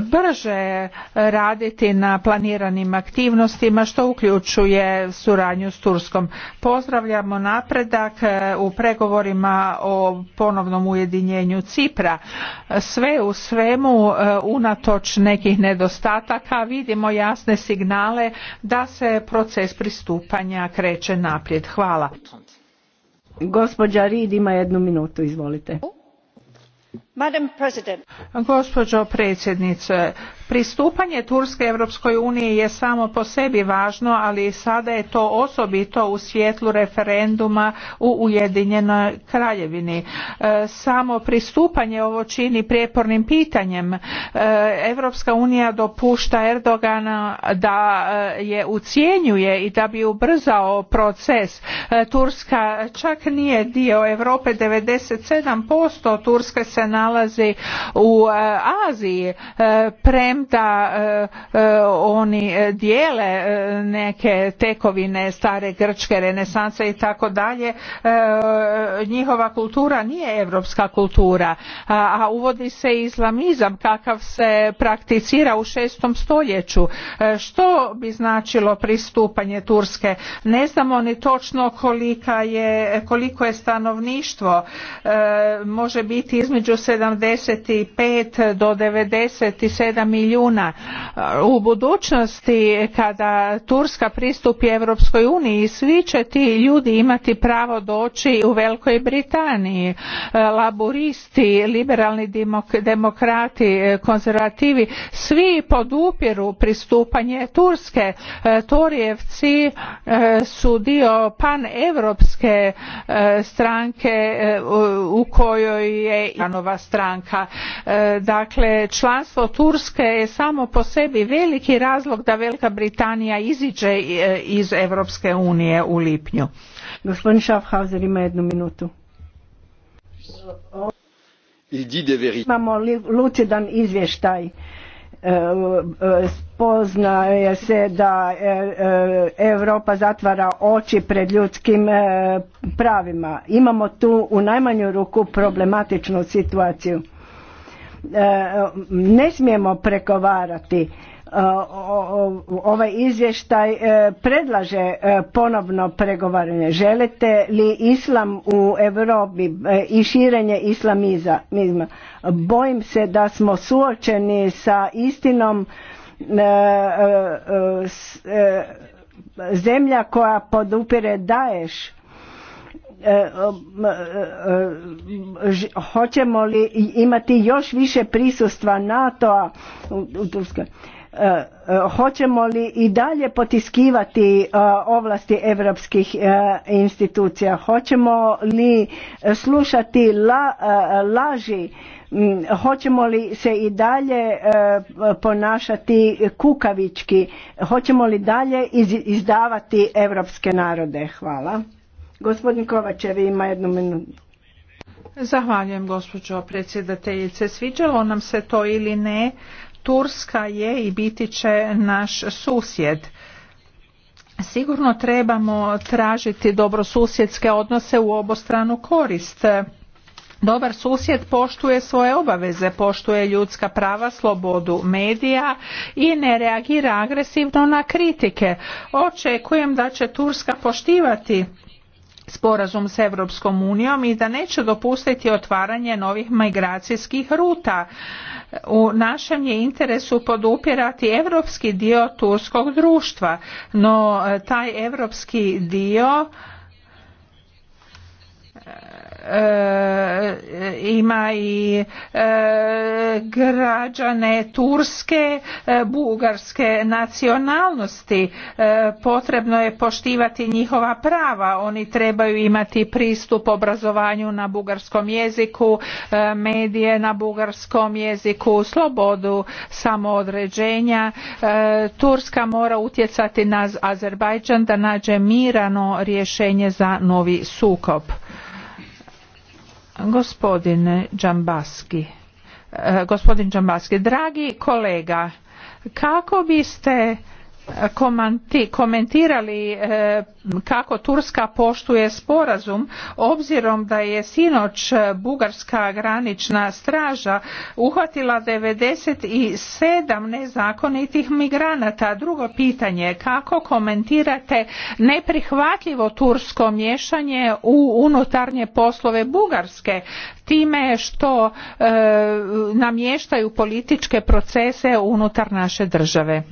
brže raditi na planiranim aktivnostima što uključuje suradnju s Turskom. Pozdravljamo napredak e, u pregovorima o ponovnom ujedinjenju Cipra. Sve u svemu e, unatoč nekih nedostataka vidimo jasne signale da se proces pristupanja kreće naprijed. Hvala. Gospođa Rid ima jednu minutu, izvolite. Gospođo predsjednice, pristupanje Turske Europskoj uniji je samo po sebi važno, ali sada je to osobito u svjetlu referenduma u Ujedinjenoj kraljevini. E, samo pristupanje ovo čini prijepornim pitanjem. Europska unija dopušta Erdogana da e, je ucjenjuje i da bi ubrzao proces. E, Turska čak nije dio Europe, 97% Turske se nalazi nalaze u e, Aziji e, premda e, oni dijele neke tekovine stare grčke renesanse i tako dalje njihova kultura nije europska kultura a uvodi se islamizam kakav se prakticira u šestom stoljeću što bi značilo pristupanje Turske ne znamo ni točno kolika je, koliko je stanovništvo može biti između 75 do 97 milijuna. U budućnosti kada Turska pristupi Europskoj uniji svi će ti ljudi imati pravo doći u Velikoj Britaniji. E, Laburisti, liberalni demokrati, e, konzervativi, svi podupiru pristupanje Turske. E, Torijevci su dio paneuropske stranke u kojoj je stranka. E, dakle, članstvo Turske je samo po sebi veliki razlog da Velika Britanija iziđe e, iz Europske unije u lipnju. Gospodin Schaffhauser ima jednu minutu. Imamo lucidan izvještaj E, spoznaje se da e, e, Europa zatvara oči pred ljudskim pravima. Imamo tu u najmanju ruku problematičnu situaciju. Ne smijemo prekovarati ovaj izvještaj e, predlaže e, ponovno pregovaranje. Želite li islam u Europi e, i širenje islamizma? Bojim se da smo suočeni sa istinom zemlja koja podupire daješ hoćemo li imati još više prisustva NATO-a u Turskoj E, e, hoćemo li i dalje potiskivati e, ovlasti europskih institucija hoćemo li slušati la, laži hoćemo li se i dalje ponašati kukavički hoćemo li dalje izdavati europske narode hvala gospodin Kovačev ima jednu minutu Zahvaljujem gospođo predsjedateljice. Sviđalo nam se to ili ne, Turska je i biti će naš susjed. Sigurno trebamo tražiti dobrosusjedske odnose u obostranu korist. Dobar susjed poštuje svoje obaveze, poštuje ljudska prava, slobodu medija i ne reagira agresivno na kritike. Očekujem da će Turska poštivati sporazum s Europskom unijom i da neće dopustiti otvaranje novih migracijskih ruta. U našem je interesu podupirati europski dio turskog društva, no e, taj europski dio E, ima i e, građane turske e, bugarske nacionalnosti potrebno je poštivati njihova prava oni trebaju imati pristup obrazovanju na bugarskom jeziku medije na bugarskom jeziku slobodu samoodređenja turska mora utjecati na azerbajdžan da nađe mirano rješenje za novi sukob Gospodine e, gospodin Džambaski, dragi kolega, kako biste komentirali e, kako Turska poštuje sporazum obzirom da je sinoć e, bugarska granična straža uhvatila 97 nezakonitih migranata. Drugo pitanje, kako komentirate neprihvatljivo tursko miješanje u unutarnje poslove Bugarske time što e, namještaju političke procese unutar naše države?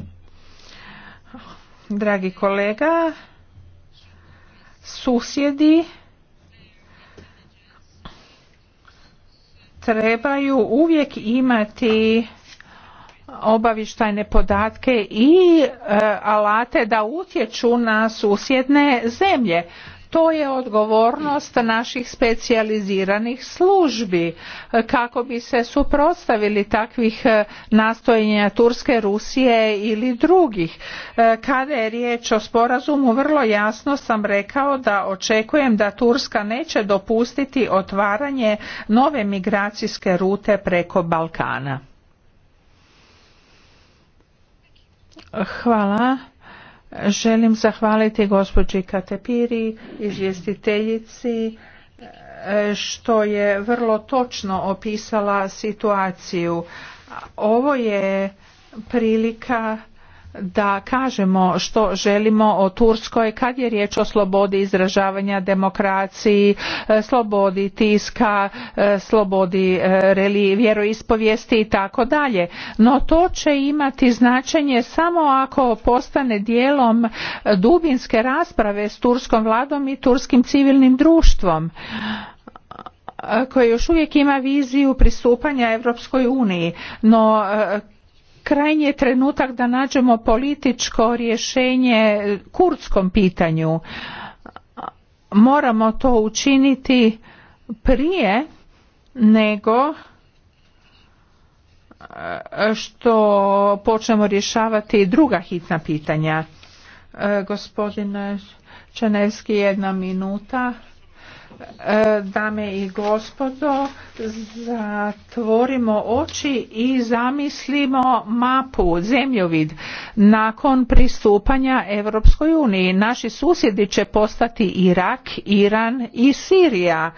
dragi kolega, susjedi trebaju uvijek imati obavištajne podatke i e, alate da utječu na susjedne zemlje to je odgovornost naših specijaliziranih službi kako bi se suprotstavili takvih e, nastojenja Turske, Rusije ili drugih. E, kada je riječ o sporazumu, vrlo jasno sam rekao da očekujem da Turska neće dopustiti otvaranje nove migracijske rute preko Balkana. Hvala. Želim zahvaliti gospođi Katepiri, izvjestiteljici, e, što je vrlo točno opisala situaciju. Ovo je prilika da kažemo što želimo o Turskoj kad je riječ o slobodi izražavanja demokraciji, e, slobodi tiska, e, slobodi e, vjeroispovijesti i tako dalje. No to će imati značenje samo ako postane dijelom dubinske rasprave s turskom vladom i turskim civilnim društvom koje još uvijek ima viziju pristupanja Europskoj uniji, no krajnji je trenutak da nađemo političko rješenje kurdskom pitanju moramo to učiniti prije nego e, što počnemo rješavati druga hitna pitanja. E, gospodine Čenevski, jedna minuta. E, dame i gospodo, zatvorimo oči i zamislimo mapu, zemljovid. Nakon pristupanja Europskoj uniji naši susjedi će postati Irak, Iran i Sirija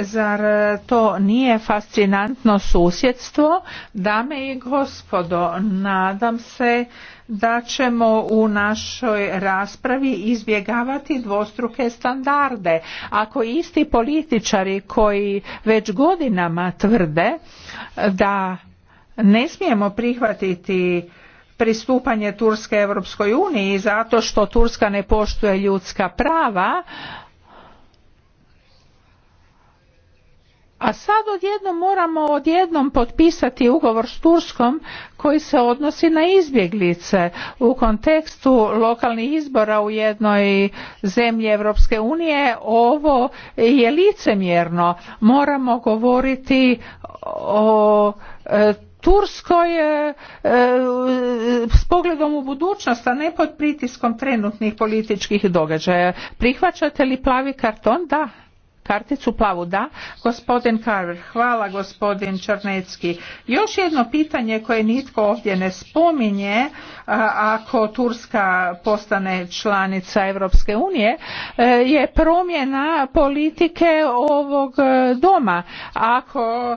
Zar e, to nije fascinantno susjedstvo? Dame i gospodo, nadam se da ćemo u našoj raspravi izbjegavati dvostruke standarde. Ako isti političari koji već godinama tvrde da ne smijemo prihvatiti pristupanje Turske Europskoj uniji zato što Turska ne poštuje ljudska prava, a sad odjednom moramo odjednom potpisati ugovor s Turskom koji se odnosi na izbjeglice u kontekstu lokalnih izbora u jednoj zemlji Europske unije ovo je licemjerno moramo govoriti o e, Turskoj e, e, s pogledom u budućnost, a ne pod pritiskom trenutnih političkih događaja. Prihvaćate li plavi karton? Da. Karticu plavu da. Gospodin Carver, hvala gospodin Črnecki. Još jedno pitanje koje nitko ovdje ne spominje, ako Turska postane članica Europske unije, e, je promjena politike ovog e, doma. Ako e,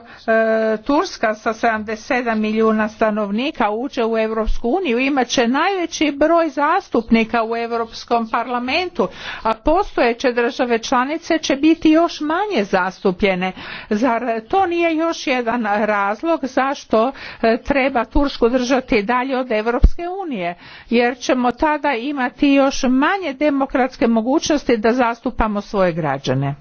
Turska sa 77 milijuna stanovnika uđe u Europsku uniju, imat će najveći broj zastupnika u Europskom parlamentu, a postojeće države članice će biti još još manje zastupljene. Zar to nije još jedan razlog zašto e, treba Tursku držati dalje od Europske unije? Jer ćemo tada imati još manje demokratske mogućnosti da zastupamo svoje građane.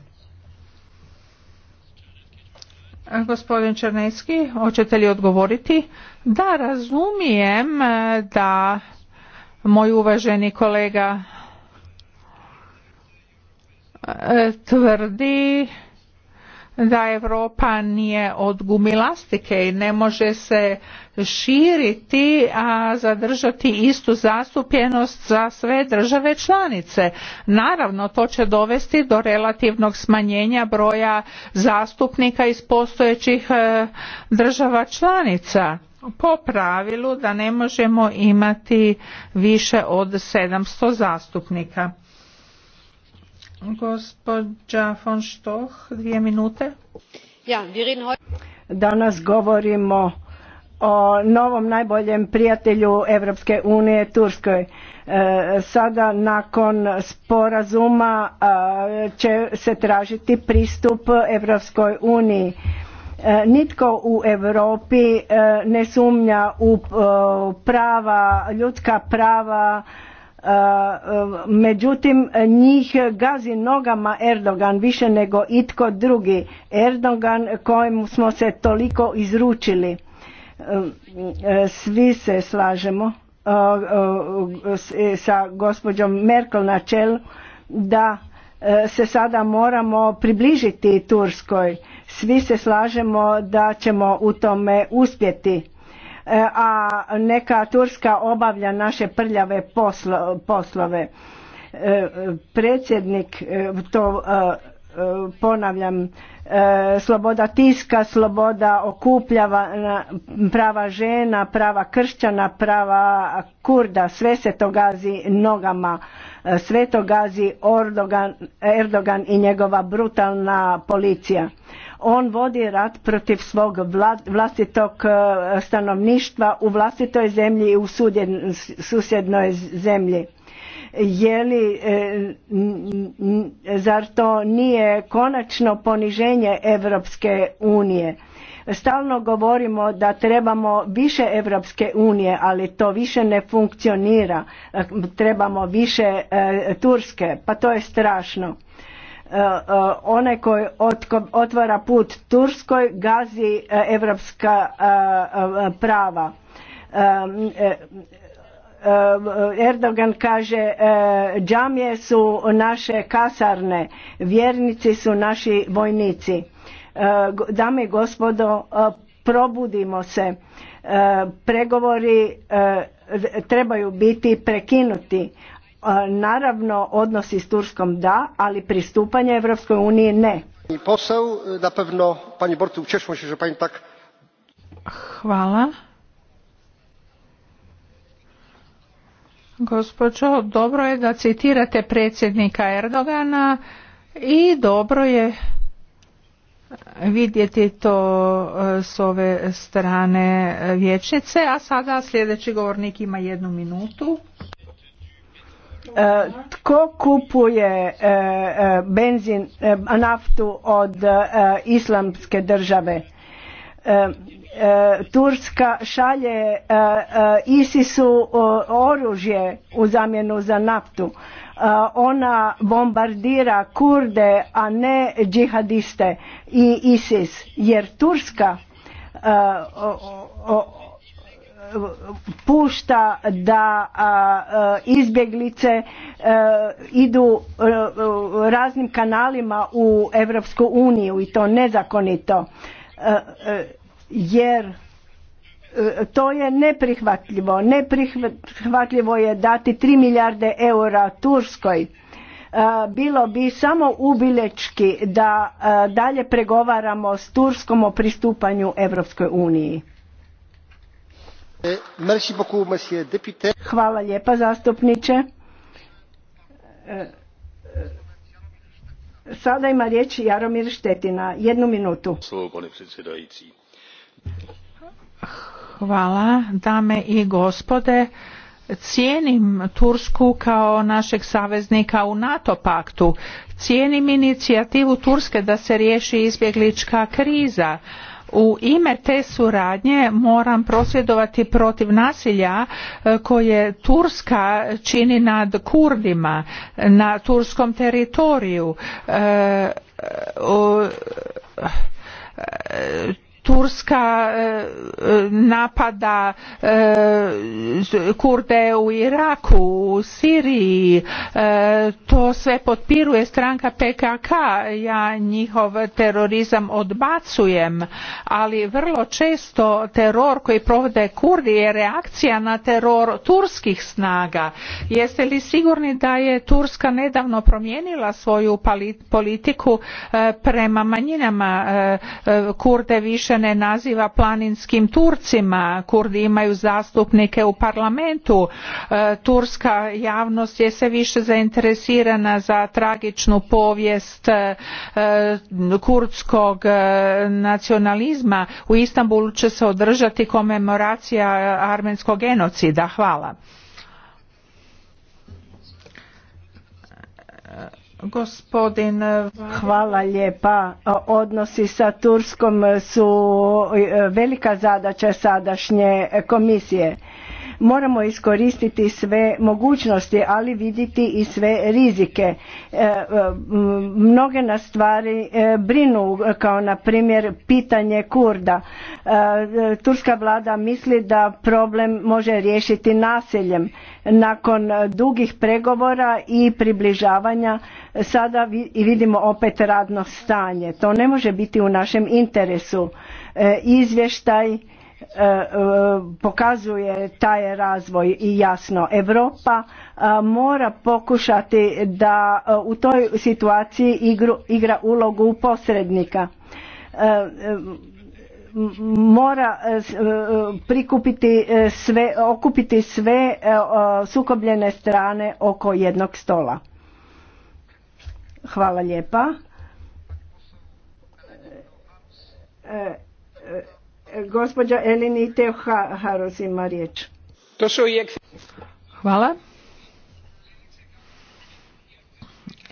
E, gospodin černeski hoćete li odgovoriti? Da, razumijem e, da moj uvaženi kolega E, tvrdi da Europa nije od gumilastike i ne može se širiti a zadržati istu zastupljenost za sve države članice. Naravno to će dovesti do relativnog smanjenja broja zastupnika iz postojećih e, država članica po pravilu da ne možemo imati više od 700 zastupnika minute. Danas govorimo o novom najboljem prijatelju Europske unije Turskoj. E, sada nakon sporazuma e, će se tražiti pristup Europskoj uniji. E, nitko u Europi ne sumnja u prava, ljudska prava Eh, međutim njih gazi nogama Erdogan više nego itko drugi Erdogan kojem smo se toliko izručili eh, eh, svi se slažemo sa gospođom Merkel na čelu da se sada moramo približiti Turskoj. Svi se slažemo da ćemo u tome uspjeti. E, a neka Turska obavlja naše prljave poslove. E, predsjednik, e, to ponavljam, sloboda tiska, sloboda okupljava, prava žena, prava kršćana, prava kurda, sve se to gazi nogama, sve to gazi Erdogan i njegova brutalna policija on vodi rat protiv svog vlastitog e, stanovništva u vlastitoj zemlji i u susjednoj zemlji. Je li, e, zar to nije konačno poniženje Europske unije? Stalno govorimo da trebamo više Europske unije, ali to više ne funkcionira. E, trebamo više Turske, pa to je strašno. E, e, onaj koji otvara put Turskoj gazi e, evropska prava. Erdogan kaže džamije su naše kasarne, vjernici su naši vojnici. Dame i gospodo, probudimo se. Pregovori trebaju biti prekinuti. E, naravno, odnosi s Turskom da, ali pristupanje Europskoj uniji ne. Hvala. Gospođo, dobro je da citirate predsjednika Erdogana i dobro je vidjeti to e, s ove strane vječnice. A sada sljedeći govornik ima jednu minutu. E, tko kupuje e, e, benzin, naftu od islamske države? Turska šalje ISIS-u oružje u zamjenu za naftu. Ona bombardira kurde, a ne džihadiste i ISIS. Jer Turska pušta da izbjeglice idu raznim kanalima u Europsku uniju i to nezakonito jer to je neprihvatljivo. Neprihvatljivo je dati 3 milijarde eura Turskoj. Bilo bi samo ubilečki da dalje pregovaramo s Turskom o pristupanju Europskoj uniji. Hvala lijepa zastupniče. E, e, sada ima riječ Jaromir Štetina. Jednu minutu. Hvala, dame i gospode. Cijenim Tursku kao našeg saveznika u NATO paktu. Cijenim inicijativu Turske da se riješi izbjeglička kriza u ime te suradnje moram prosvjedovati protiv nasilja e, koje Turska čini nad Kurdima na turskom teritoriju. E, e, Turska e, e, napada e, kurde u Iraku, u Siriji, to sve potpiruje stranka PKK, ja njihov terorizam odbacujem, ali vrlo često teror koji provode kurdi je reakcija na teror turskih snaga. Jeste li sigurni da je Turska nedavno promijenila svoju politiku prema manjinama kurde više ne naziva planinskim Turcima. Kurdi imaju zastupnike u parlamentu. E, turska javnost je se više zainteresirana za tragičnu povijest e, kurdskog e, nacionalizma. U Istanbulu će se održati komemoracija armenskog genocida. Hvala. Gospodin... Hvala lijepa. Odnosi sa Turskom su e, velika zadaća sadašnje komisije Moramo iskoristiti sve mogućnosti, ali vidjeti i sve rizike. E, e, mnoge nas stvari e, brinu, kao na primjer pitanje Kurda. Turska vlada misli da problem može riješiti naseljem. Nakon dugih pregovora i približavanja sada vidimo opet radno stanje. To ne može biti u našem interesu. Izvještaj E, e, pokazuje taj razvoj i jasno Europa e, mora pokušati da u toj situaciji igra ulogu posrednika mora prikupiti sve, okupiti sve sukobljene strane oko jednog stola. Hvala lijepa. Gospođa Elini Teoharos ima riječ. Hvala.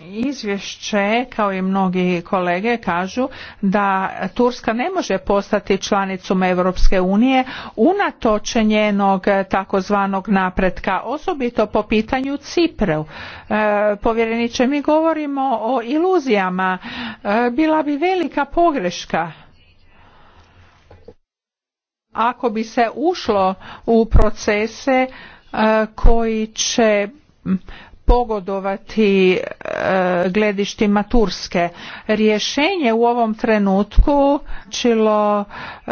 Izvješće, kao i mnogi kolege, kažu da Turska ne može postati članicom Europske unije unatoč njenog takozvanog napretka, osobito po pitanju Cipru. E, povjereniče, mi govorimo o iluzijama. E, bila bi velika pogreška ako bi se ušlo u procese e, koji će pogodovati e, gledištima Turske. Rješenje u ovom trenutku čilo e,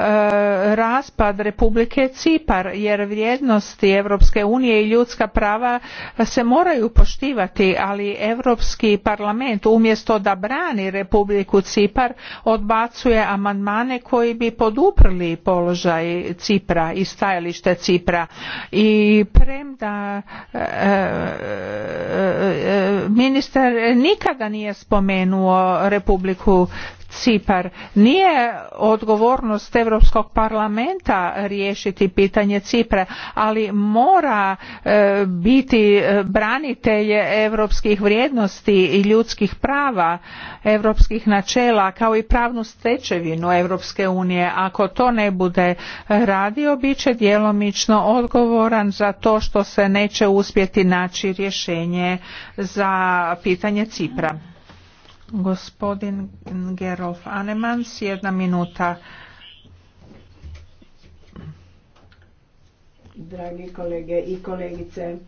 raspad Republike Cipar jer vrijednosti Europske unije i ljudska prava se moraju poštivati, ali Europski parlament umjesto da brani Republiku Cipar odbacuje amandmane koji bi poduprli položaj Cipra i stajalište Cipra i premda e, E, e, ministar nikada nije spomenuo Republiku Cipar. Nije odgovornost Europskog parlamenta riješiti pitanje Cipra, ali mora e, biti e, branitelj europskih vrijednosti i ljudskih prava, europskih načela, kao i pravnu stečevinu Europske unije. Ako to ne bude radio, bit će djelomično odgovoran za to što se neće uspjeti naći rješenje za pitanje Cipra. Gospodin Gerolf Anemans, jedna minuta. Dragi kolege i kolegice, eh,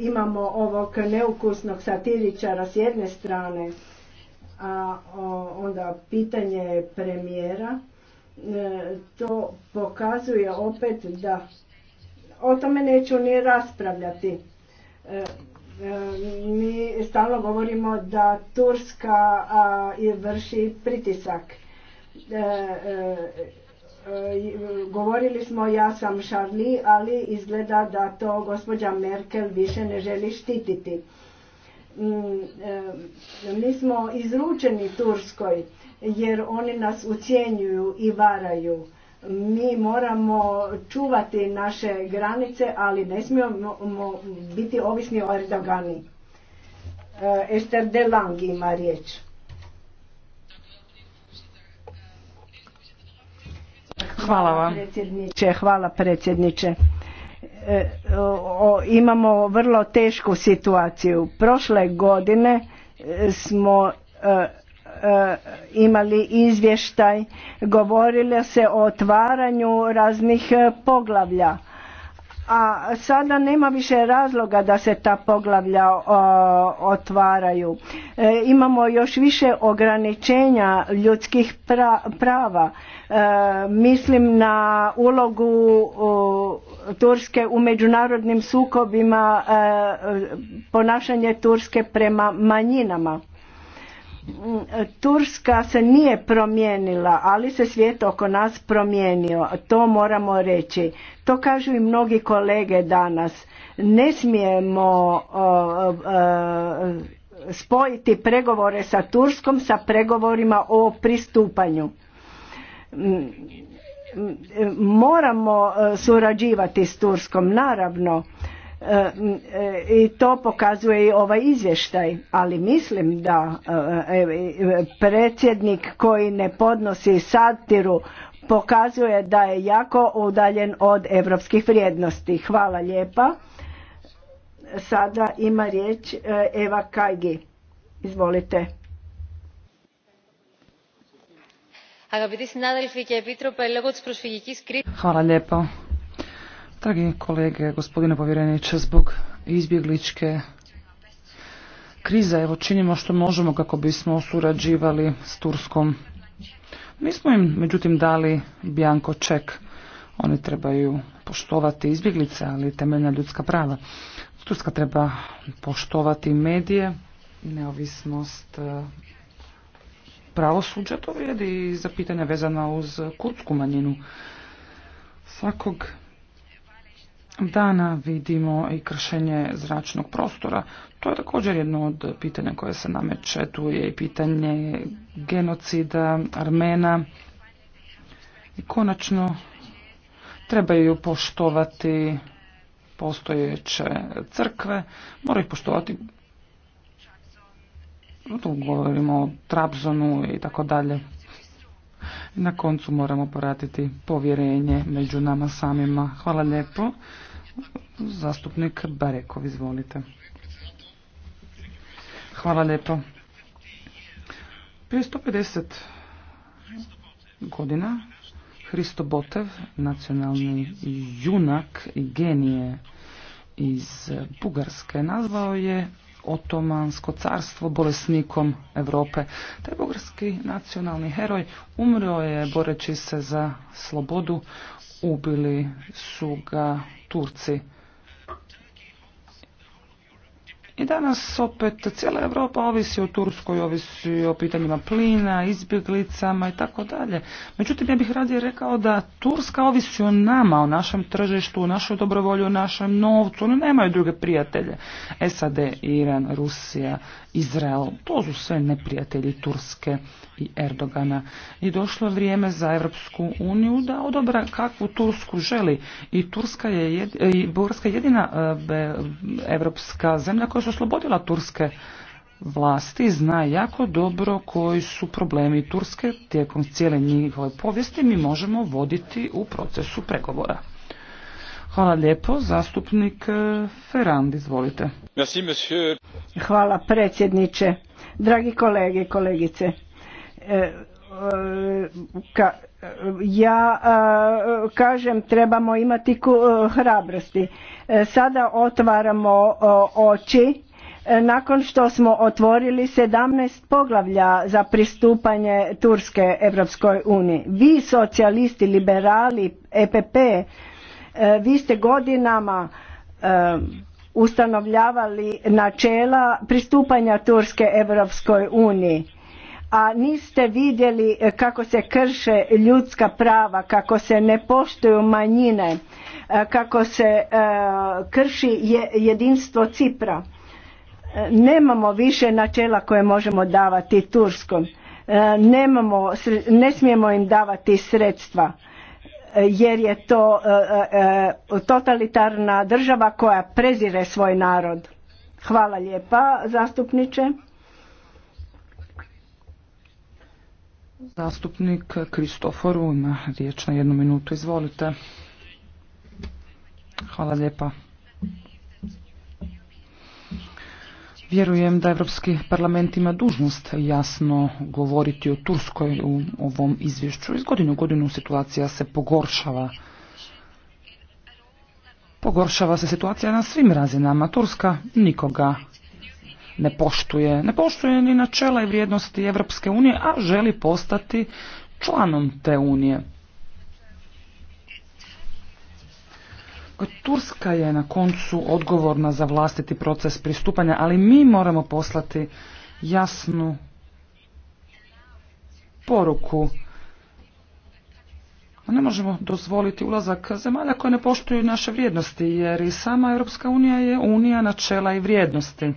imamo ovog neukusnog satiričara s jedne strane, a onda pitanje premijera, eh, to pokazuje opet da o tome neću ni raspravljati eh, mi stalno govorimo da Turska vrši pritisak. E, e, e, govorili smo ja sam Šarli, ali izgleda da to gospođa Merkel više ne želi štititi. Mi smo izručeni Turskoj jer oni nas ucijenjuju i varaju mi moramo čuvati naše granice, ali ne smijemo biti ovisni o Erdogani. E, Ester de ima riječ. Hvala vam. Predsjedniče, hvala predsjedniče. E, imamo vrlo tešku situaciju. Prošle godine e, smo Eh, imali izvještaj, govorilo se o otvaranju raznih eh, poglavlja. A sada nema više razloga da se ta poglavlja otvaraju. Eh, imamo još više ograničenja ljudskih prava. Mislim na ulogu Turske u međunarodnim sukobima, ponašanje Turske prema manjinama Turska se nije promijenila, ali se svijet oko nas promijenio. To moramo reći. To kažu i mnogi kolege danas. Ne smijemo e, spojiti pregovore sa Turskom sa pregovorima o pristupanju. Moramo e, surađivati s Turskom, naravno E, e, i to pokazuje i ovaj izvještaj ali mislim da e, predsjednik koji ne podnosi satiru pokazuje da je jako udaljen od europskih vrijednosti hvala lijepa sada ima riječ Eva Kajgi izvolite Hvala lijepo Dragi kolege, gospodine povjereniče, zbog izbjegličke krize, evo činimo što možemo kako bismo surađivali s Turskom. Mi smo im, međutim, dali bjanko ček. Oni trebaju poštovati izbjeglice, ali temeljna ljudska prava. Turska treba poštovati medije, neovisnost e, pravosuđa, to vrijedi i za pitanja vezana uz kurtsku manjinu. Svakog dana vidimo i kršenje zračnog prostora. To je također jedno od pitanja koje se nameće. Tu je i pitanje genocida, armena. I konačno trebaju poštovati postojeće crkve, moraju poštovati tu govorimo o Trabzonu i tako dalje. Na koncu moramo poratiti povjerenje među nama samima. Hvala lijepo. Zastupnik Barekov, izvolite. Hvala lijepo. Prije 150 godina Hristo Botev, nacionalni junak i genije iz Bugarske, nazvao je otomansko carstvo bolesnikom Europe. Taj bugarski nacionalni heroj umrio je boreći se za slobodu ubili su ga Turci. I danas opet cijela Europa ovisi o Turskoj, ovisi o pitanjima plina, izbjeglicama i tako dalje. Međutim, ja bih radije rekao da Turska ovisi o nama, o našem tržištu, o našoj dobrovolji, o našem novcu. Oni nemaju druge prijatelje. SAD, Iran, Rusija, Izrael, to su sve neprijatelji Turske i Erdogana. I došlo je vrijeme za Europsku uniju da odobra kakvu Tursku želi. I Turska je jedina, jedina evropska zemlja koja su oslobodila turske vlasti zna jako dobro koji su problemi Turske tijekom cijele njihove povijesti mi možemo voditi u procesu pregovora. Hvala lijepo. Zastupnik e, Ferrand, izvolite. Hvala predsjedniče. Dragi kolege i kolegice, e, E, ja e, kažem trebamo imati e, hrabrosti. Sada otvaramo oči nakon što smo otvorili 17 poglavlja za pristupanje Turske Europskoj uniji. Vi socijalisti, liberali, EPP, vi ste godinama ustanovljavali načela pristupanja Turske Europskoj uniji a niste vidjeli e, kako se krše ljudska prava, kako se ne poštuju manjine, e, kako se e, krši jedinstvo Cipra. Nemamo više načela koje možemo davati Turskom. Nemamo, ne smijemo im davati sredstva jer je to totalitarna država koja prezire svoj narod. Hvala lijepa zastupniče. Zastupnik Kristoforu ima riječ na jednu minutu. Izvolite. Hvala lijepa. Vjerujem da Europski parlament ima dužnost jasno govoriti o Turskoj u ovom izvješću. Iz godine u godinu situacija se pogoršava. Pogoršava se situacija na svim razinama. Turska nikoga ne poštuje. Ne poštuje ni načela i vrijednosti Evropske unije, a želi postati članom te unije. Turska je na koncu odgovorna za vlastiti proces pristupanja, ali mi moramo poslati jasnu poruku. Ne možemo dozvoliti ulazak zemalja koje ne poštuju naše vrijednosti, jer i sama Europska unija je unija načela i vrijednosti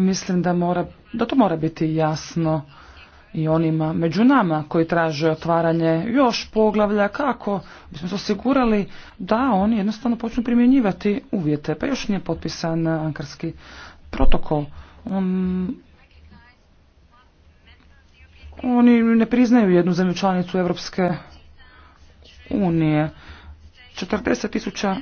mislim da, mora, da to mora biti jasno i onima među nama koji traže otvaranje još poglavlja kako bismo se osigurali da oni jednostavno počnu primjenjivati uvjete. Pa još nije potpisan ankarski protokol. Um, oni ne priznaju jednu zemlju članicu Europske unije. 40 tisuća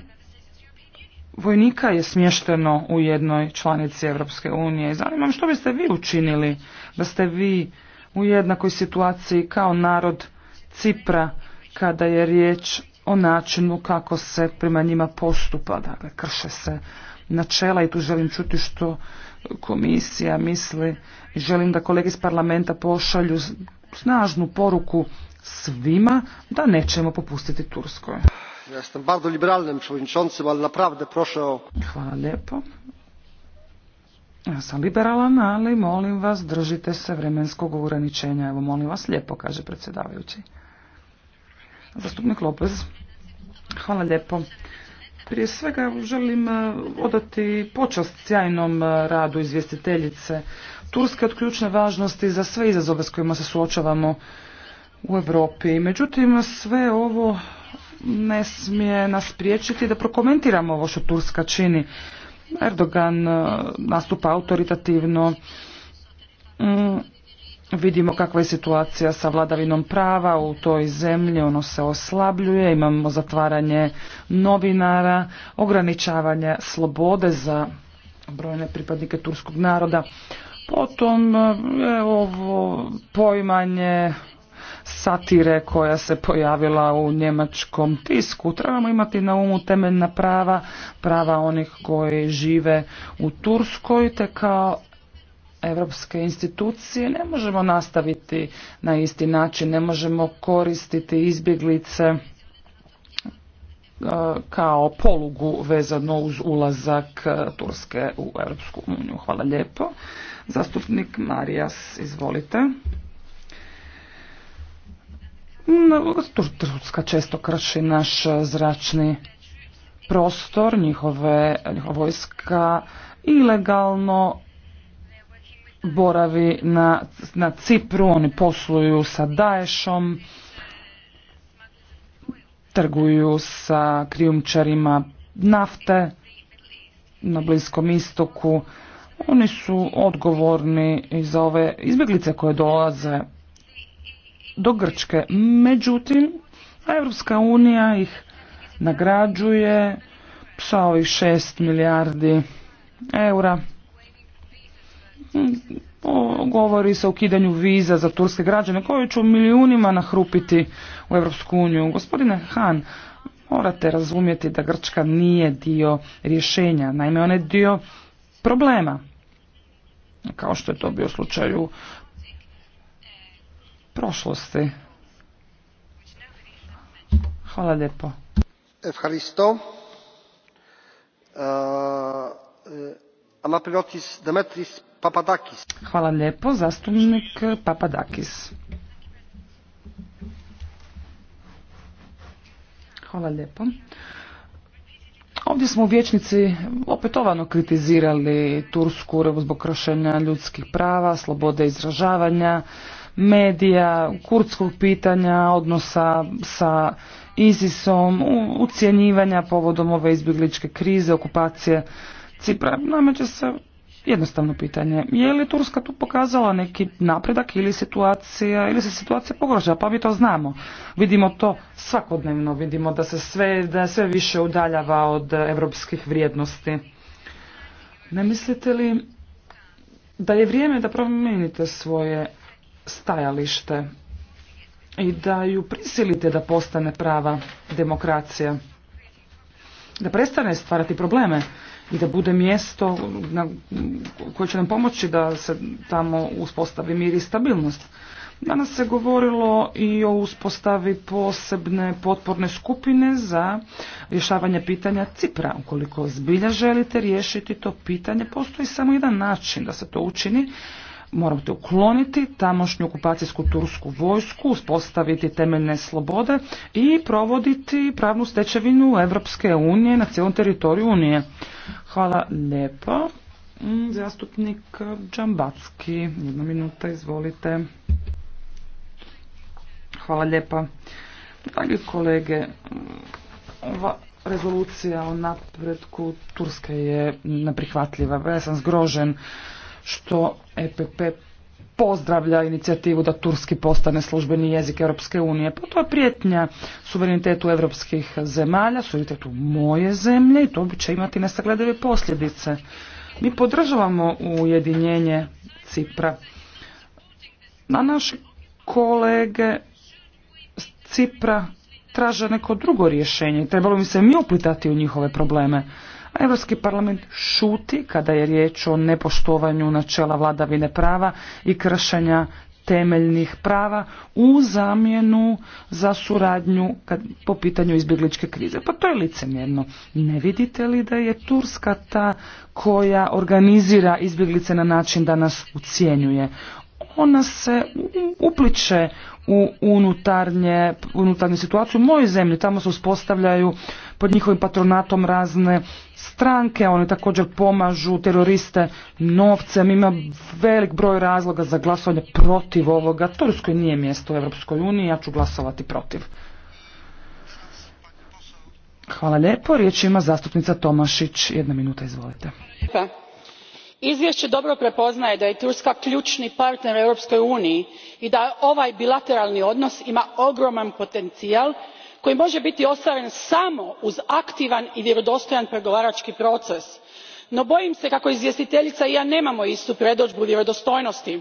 vojnika je smješteno u jednoj članici Europske unije. me što biste vi učinili da ste vi u jednakoj situaciji kao narod Cipra kada je riječ o načinu kako se prema njima postupa, dakle krše se načela i tu želim čuti što komisija misli. i Želim da kolege iz parlamenta pošalju snažnu poruku svima da nećemo popustiti Turskoj. Ja sam bardzo liberalnym przewodniczącym, ali naprawdę proszę o... Hvala lijepo. Ja sam liberalan, ali molim vas držite se vremenskog ograničenja. Evo molim vas lijepo, kaže predsjedavajući. Zastupnik Lopez. Hvala lijepo. Prije svega želim e, odati počast sjajnom e, radu izvjestiteljice. turske od ključne važnosti za sve izazove s kojima se suočavamo u Europi. Međutim, sve ovo ne smije nas priječiti da prokomentiramo ovo što Turska čini. Erdogan e, nastupa autoritativno. Mm, vidimo kakva je situacija sa vladavinom prava u toj zemlji, ono se oslabljuje, imamo zatvaranje novinara, ograničavanje slobode za brojne pripadnike turskog naroda. Potom je ovo poimanje satire koja se pojavila u njemačkom tisku. Trebamo imati na umu temeljna prava, prava onih koji žive u Turskoj, te kao evropske institucije ne možemo nastaviti na isti način, ne možemo koristiti izbjeglice e, kao polugu vezano uz ulazak Turske u Europsku uniju. Hvala lijepo. Zastupnik Marijas, izvolite. Turska često krši naš e, zračni prostor, njihove, njihova vojska ilegalno boravi na, na Cipru, oni posluju sa Daješom, trguju sa krijumčarima nafte na Bliskom istoku. Oni su odgovorni i za ove izbjeglice koje dolaze do Grčke. Međutim, Evropska unija ih nagrađuje sa ovih šest milijardi eura. Govori se o ukidanju viza za turske građane koji će u milijunima nahrupiti u Evropsku uniju. Gospodine Han, morate razumjeti da Grčka nije dio rješenja, naime on je dio problema. Kao što je to bio slučaj u prošlosti. Hvala lijepo. Evharisto. Eh, Anapilotis Demetris Papadakis. Hvala lijepo, zastupnik Papadakis. Hvala lijepo. Ovdje smo u vječnici opetovano kritizirali Tursku zbog kršenja ljudskih prava, slobode izražavanja, medija, kurdskog pitanja, odnosa sa ISISom, ucjenjivanja povodom ove izbjegličke krize, okupacije Cipra. Nameće se jednostavno pitanje. Je li Turska tu pokazala neki napredak ili situacija, ili se situacija pogrožava? Pa mi to znamo. Vidimo to svakodnevno, vidimo da se sve, da sve više udaljava od europskih vrijednosti. Ne mislite li da je vrijeme da promijenite svoje stajalište i da ju prisilite da postane prava demokracija, da prestane stvarati probleme i da bude mjesto na, koje će nam pomoći da se tamo uspostavi mir i stabilnost. Danas se govorilo i o uspostavi posebne potporne skupine za rješavanje pitanja Cipra. Ukoliko zbilja želite riješiti to pitanje, postoji samo jedan način da se to učini, Morate ukloniti tamošnju okupacijsku tursku vojsku, uspostaviti temeljne slobode i provoditi pravnu stečevinu Evropske unije na cijelom teritoriju Unije. Hvala lijepo. Mm, zastupnik Džambacki, jedna minuta, izvolite. Hvala lijepa. Dragi kolege, ova rezolucija o napredku Turske je neprihvatljiva. Ja sam zgrožen što EPP pozdravlja inicijativu da turski postane službeni jezik Europske unije. Pa to je prijetnja suverenitetu europskih zemalja, suverenitetu moje zemlje i to će imati nesagledive posljedice. Mi podržavamo ujedinjenje Cipra. Na naši kolege Cipra traže neko drugo rješenje. Trebalo bi se mi uplitati u njihove probleme. Europski parlament šuti kada je riječ o nepoštovanju načela vladavine prava i kršenja temeljnih prava u zamjenu za suradnju kad, po pitanju izbjegličke krize. Pa to je licemjerno. Ne vidite li da je Turska ta koja organizira izbjeglice na način da nas ucijenjuje? Ona se upliče u unutarnje, unutarnju situaciju u mojoj zemlji. Tamo se uspostavljaju pod njihovim patronatom razne stranke, oni također pomažu teroriste novcem, ima velik broj razloga za glasovanje protiv ovoga. Turskoj nije mjesto u Europskoj uniji, ja ću glasovati protiv. Hvala lijepo, riječ ima zastupnica Tomašić, jedna minuta izvolite izvješće dobro prepoznaje da je turska ključni partner europskoj uniji i da ovaj bilateralni odnos ima ogroman potencijal koji može biti ostvaren samo uz aktivan i vjerodostojan pregovarački proces no bojim se kako izvjestiteljica i ja nemamo istu predodžbu vjerodostojnosti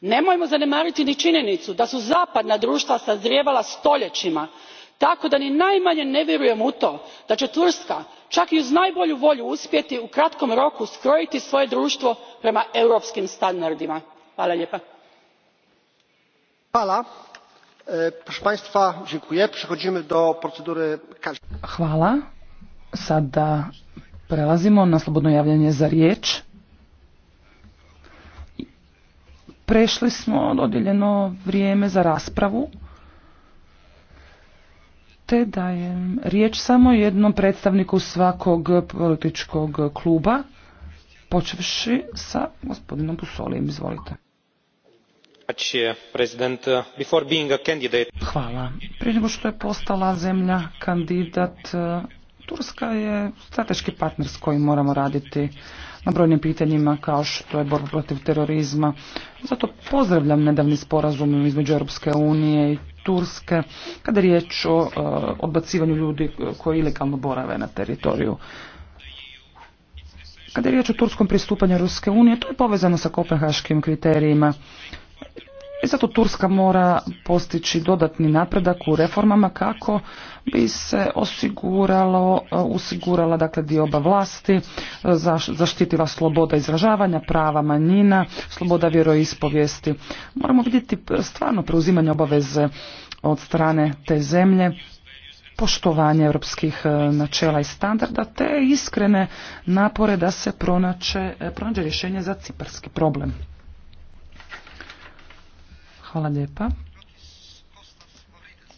nemojmo zanemariti ni činjenicu da su zapadna društva sazrijevala stoljećima tako da ni najmanje ne vjerujem u to da će turska čak i uz najbolju volju uspjeti u kratkom roku skrojiti svoje društvo prema europskim standardima. Hvala. E, Sada prelazimo na slobodno javljanje za riječ. Prešli smo dodijeljeno vrijeme za raspravu, te dajem riječ samo jednom predstavniku svakog političkog kluba, počevši sa gospodinom Busolijem. Izvolite. Hvala. Prije nego što je postala zemlja kandidat, Turska je strateški partner s kojim moramo raditi na brojnim pitanjima kao što je borba protiv terorizma. Zato pozdravljam nedavni sporazum između Europske unije i Turske kada je riječ o e, odbacivanju ljudi koji ilegalno borave na teritoriju. Kada je riječ o turskom pristupanju Ruske unije, to je povezano sa kopenhaškim kriterijima. I e zato Turska mora postići dodatni napredak u reformama kako bi se osiguralo, e, osigurala dakle dioba vlasti, e, zaštitila sloboda izražavanja, prava manjina, sloboda vjeroispovijesti. Moramo vidjeti stvarno preuzimanje obaveze od strane te zemlje poštovanje europskih načela i standarda te iskrene napore da se pronače, pronađe rješenje za ciparski problem. Hvala lijepa.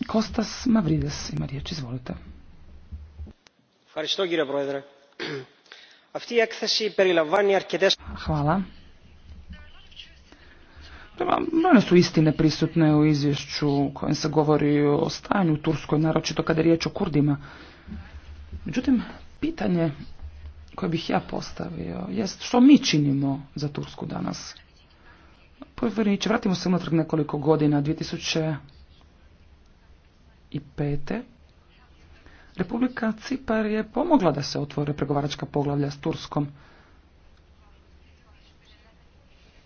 Kostas Mavrides ima riječ, izvolite. Hvala. Brojne su istine prisutne u izvješću kojem se govori o stanju u Turskoj, naročito kada je riječ o Kurdima. Međutim, pitanje koje bih ja postavio jest što mi činimo za Tursku danas? Povjereniče, vratimo se unatrag nekoliko godina, 2005. Republika Cipar je pomogla da se otvore pregovaračka poglavlja s Turskom.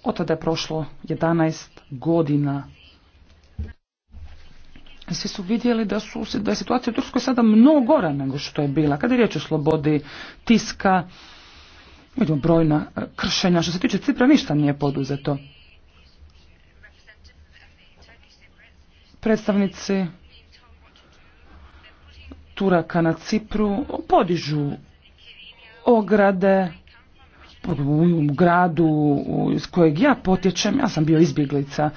Od tada je prošlo 11 godina. Svi su vidjeli da, su, da je situacija u Turskoj sada mnogo gora nego što je bila. Kada je riječ o slobodi tiska, vidimo brojna eh, kršenja. Što se tiče Cipra, ništa nije poduzeto. predstavnici Turaka na Cipru podižu ograde u gradu iz kojeg ja potječem, ja sam bio izbjeglica.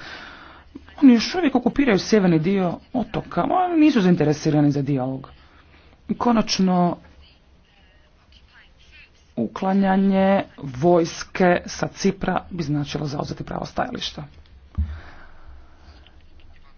Oni još uvijek okupiraju sjeverni dio otoka, oni nisu zainteresirani za dijalog. Konačno, uklanjanje vojske sa Cipra bi značilo zauzeti pravo stajališta.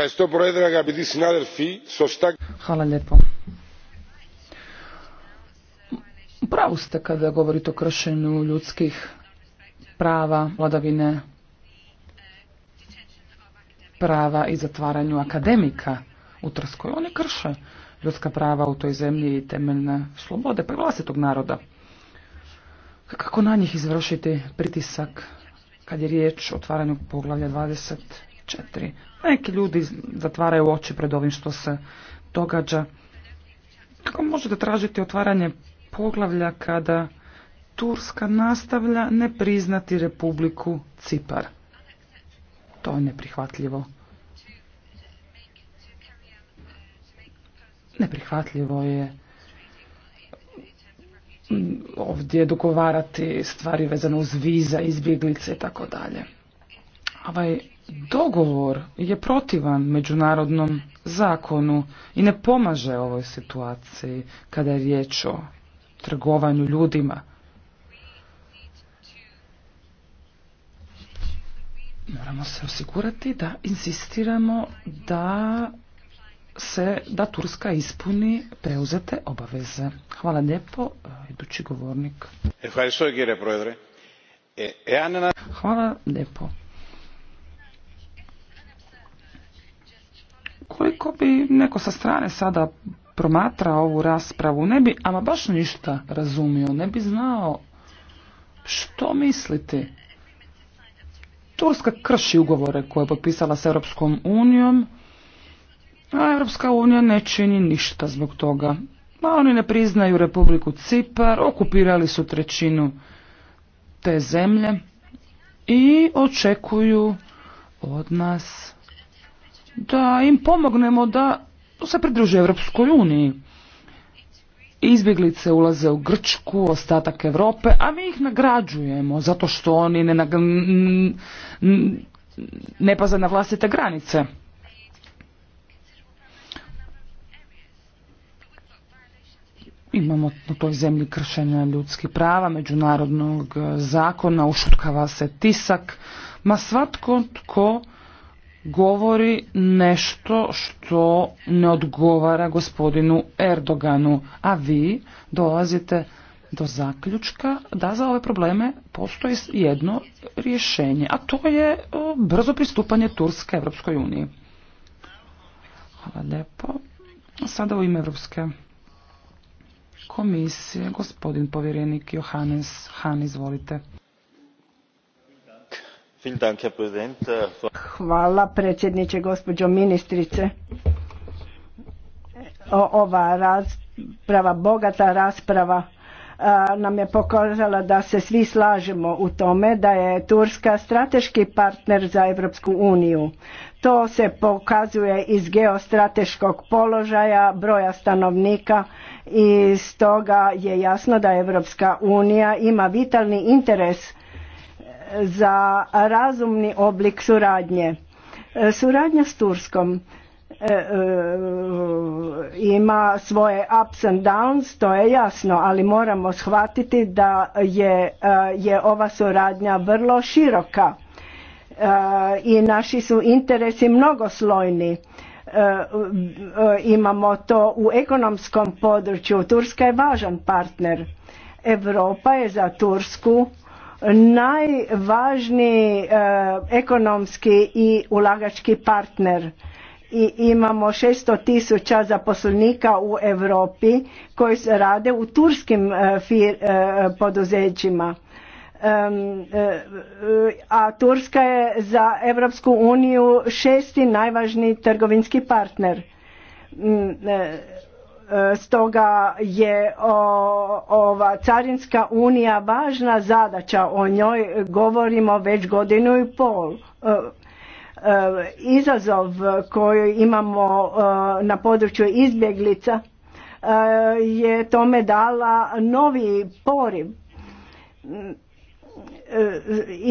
Hvala Pravu ste kada govorite o kršenju ljudskih prava, vladavine prava i zatvaranju akademika u Trskoj. Oni krše ljudska prava u toj zemlji i temeljne slobode pa i vlastitog naroda. Kako na njih izvršiti pritisak kad je riječ o otvaranju poglavlja 20? četiri. Neki ljudi zatvaraju oči pred ovim što se događa. Kako možete tražiti otvaranje poglavlja kada Turska nastavlja ne priznati Republiku Cipar? To je neprihvatljivo. Neprihvatljivo je ovdje dogovarati stvari vezano uz viza, izbjeglice i tako dalje. Ovaj dogovor je protivan međunarodnom zakonu i ne pomaže ovoj situaciji kada je riječ o trgovanju ljudima. Moramo se osigurati da insistiramo da se da Turska ispuni preuzete obaveze. Hvala lijepo, idući govornik. Hvala lijepo. Koliko bi neko sa strane sada promatra ovu raspravu, ne bi ama baš ništa razumio, ne bi znao što misliti. Turska krši ugovore koje je potpisala s Europskom unijom, a Europska unija ne čini ništa zbog toga. Ma oni ne priznaju Republiku Cipar, okupirali su trećinu te zemlje i očekuju od nas da im pomognemo da se pridruže Evropskoj uniji. Izbjeglice ulaze u Grčku, ostatak Europe, a mi ih nagrađujemo zato što oni ne, nag... ne paze na vlastite granice. Imamo na toj zemlji kršenja ljudskih prava, međunarodnog zakona, ušutkava se tisak, ma svatko tko govori nešto što ne odgovara gospodinu Erdoganu, a vi dolazite do zaključka da za ove probleme postoji jedno rješenje, a to je e, brzo pristupanje Turske Evropskoj uniji. Hvala lijepo. Sada u ime Evropske komisije, gospodin povjerenik Johannes Han, izvolite. Äh, Hvala predsjedniče, gospođo ministrice. Ova rasprava, bogata rasprava nam je pokazala da se svi slažemo u tome da je Turska strateški partner za Europsku uniju. To se pokazuje iz geostrateškog položaja, broja stanovnika i stoga je jasno da Europska unija ima vitalni interes za razumni oblik suradnje. E, suradnja s Turskom e, e, ima svoje ups and downs, to je jasno, ali moramo shvatiti da je, je ova suradnja vrlo široka i naši su interesi mnogoslojni. Imamo to u ekonomskom području. Turska je važan partner. Europa je za Tursku najvažniji eh, ekonomski i ulagački partner i imamo 600 tisuća zaposlenika u Europi koji se rade u turskim eh, eh, poduzećima. A Turska je za Europsku uniju šesti najvažniji trgovinski partner mm, E, stoga je ova carinska unija važna zadaća, o njoj govorimo već godinu i pol. E, e, izazov koji imamo na području izbjeglica je tome dala novi poriv E,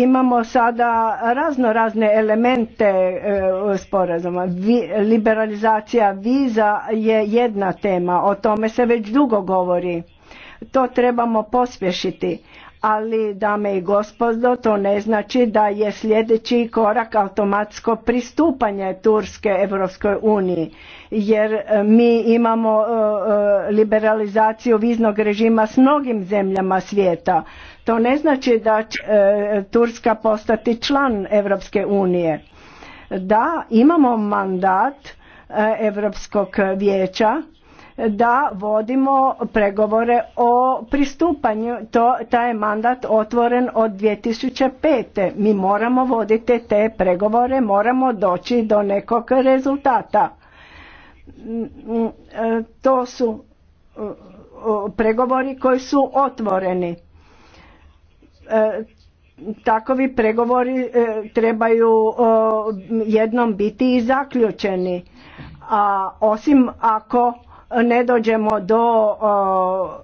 imamo sada razno razne elemente e, sporazuma. Liberalizacija viza je jedna tema, o tome se već dugo govori. To trebamo pospješiti, ali dame i gospodo, to ne znači da je sljedeći korak automatsko pristupanje Turske Evropskoj uniji, jer e, mi imamo liberalizaciju viznog režima s mnogim zemljama svijeta to ne znači da će e, Turska postati član Europske unije. Da, imamo mandat Europskog vijeća da vodimo pregovore o pristupanju. To, taj je mandat otvoren od 2005. Mi moramo voditi te pregovore, moramo doći do nekog rezultata. Mm, mm, e, to su e, pregovori koji su otvoreni. E, takovi pregovori e, trebaju jednom biti i zaključeni a osim ako ne dođemo do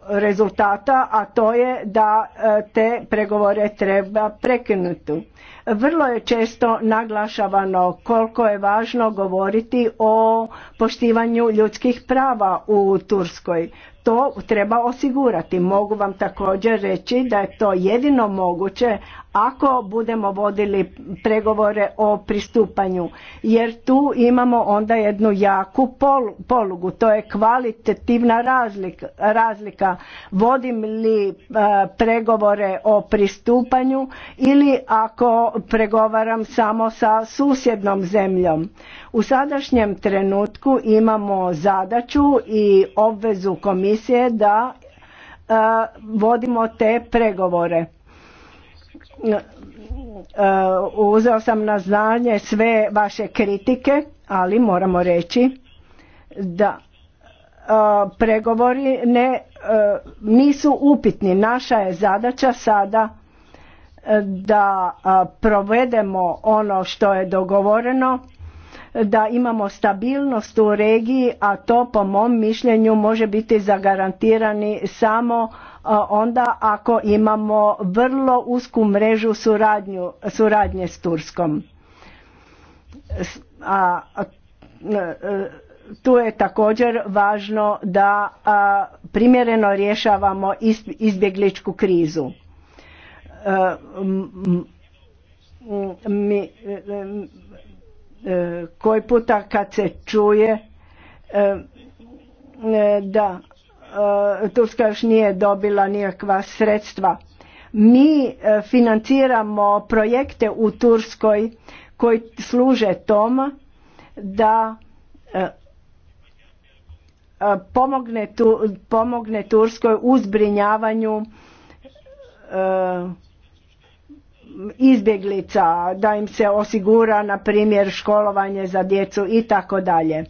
rezultata a to je da e, te pregovore treba prekinuti vrlo je često naglašavano koliko je važno govoriti o poštivanju ljudskih prava u Turskoj to treba osigurati. Mogu vam također reći da je to jedino moguće ako budemo vodili pregovore o pristupanju jer tu imamo onda jednu jaku polugu to je kvalitativna razlika, razlika. vodim li e, pregovore o pristupanju ili ako pregovaram samo sa susjednom zemljom u sadašnjem trenutku imamo zadaću i obvezu komisije da e, vodimo te pregovore Eh, uzeo sam na znanje sve vaše kritike, ali moramo reći da eh, pregovori ne, eh, nisu upitni. Naša je zadaća sada da provedemo ono što je dogovoreno, da imamo stabilnost u regiji, a to po mom mišljenju može biti zagarantirani samo onda ako imamo vrlo usku mrežu suradnju, suradnje s Turskom. A e, tu je također važno da primjereno rješavamo izbjegličku krizu. E, e, koji puta kad se čuje da E, Turska još nije dobila nikakva sredstva. Mi e, financiramo projekte u Turskoj koji služe tom da e, pomogne, pomogne Turskoj u zbrinjavanju izbjeglica, da im se osigura na primjer školovanje za djecu i tako dalje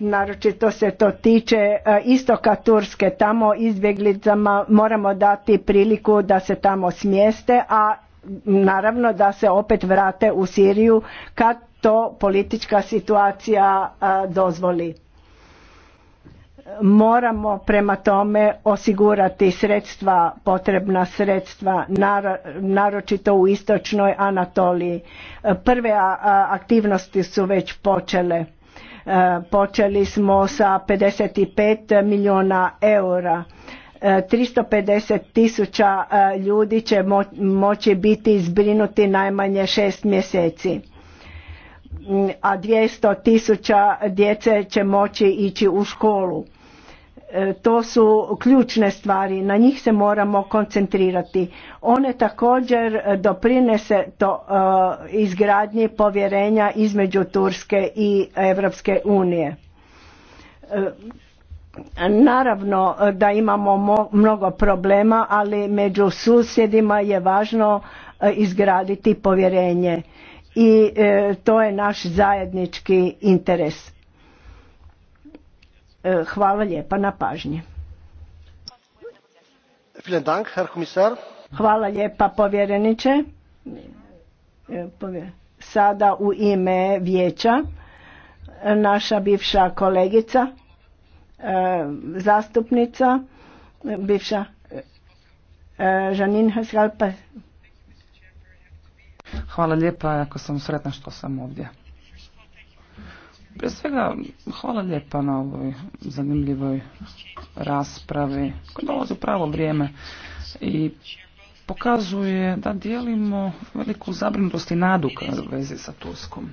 naročito se to tiče e, istoka Turske, tamo izbjeglicama moramo dati priliku da se tamo smjeste, a naravno da se opet vrate u Siriju kad to politička situacija e, dozvoli. Moramo prema tome osigurati sredstva, potrebna sredstva, naročito u istočnoj Anatoliji. E, prve aktivnosti su već počele Eh, počeli smo sa 55 milijuna eura. 350 eh, tisuća eh, ljudi će moći biti izbrinuti najmanje šest mjeseci mm, a 200 tisuća djece će moći ići u školu. E, to su ključne stvari, na njih se moramo koncentrirati. One također e, doprinese to e, izgradnji povjerenja između Turske i Europske unije. Naravno da imamo mnogo problema, ali među susjedima je važno izgraditi povjerenje i to je naš zajednički interes E, hvala lijepa na pažnji. Hvala lijepa povjereniče. E, sada u ime vijeća naša bivša kolegica, e, zastupnica, bivša Žanin Hvala lijepa, ako sam sretna što sam ovdje. Prije svega, hvala lijepa na ovoj zanimljivoj raspravi koja dolazi u pravo vrijeme i pokazuje da dijelimo veliku zabrinutost i nadu u vezi sa Turskom.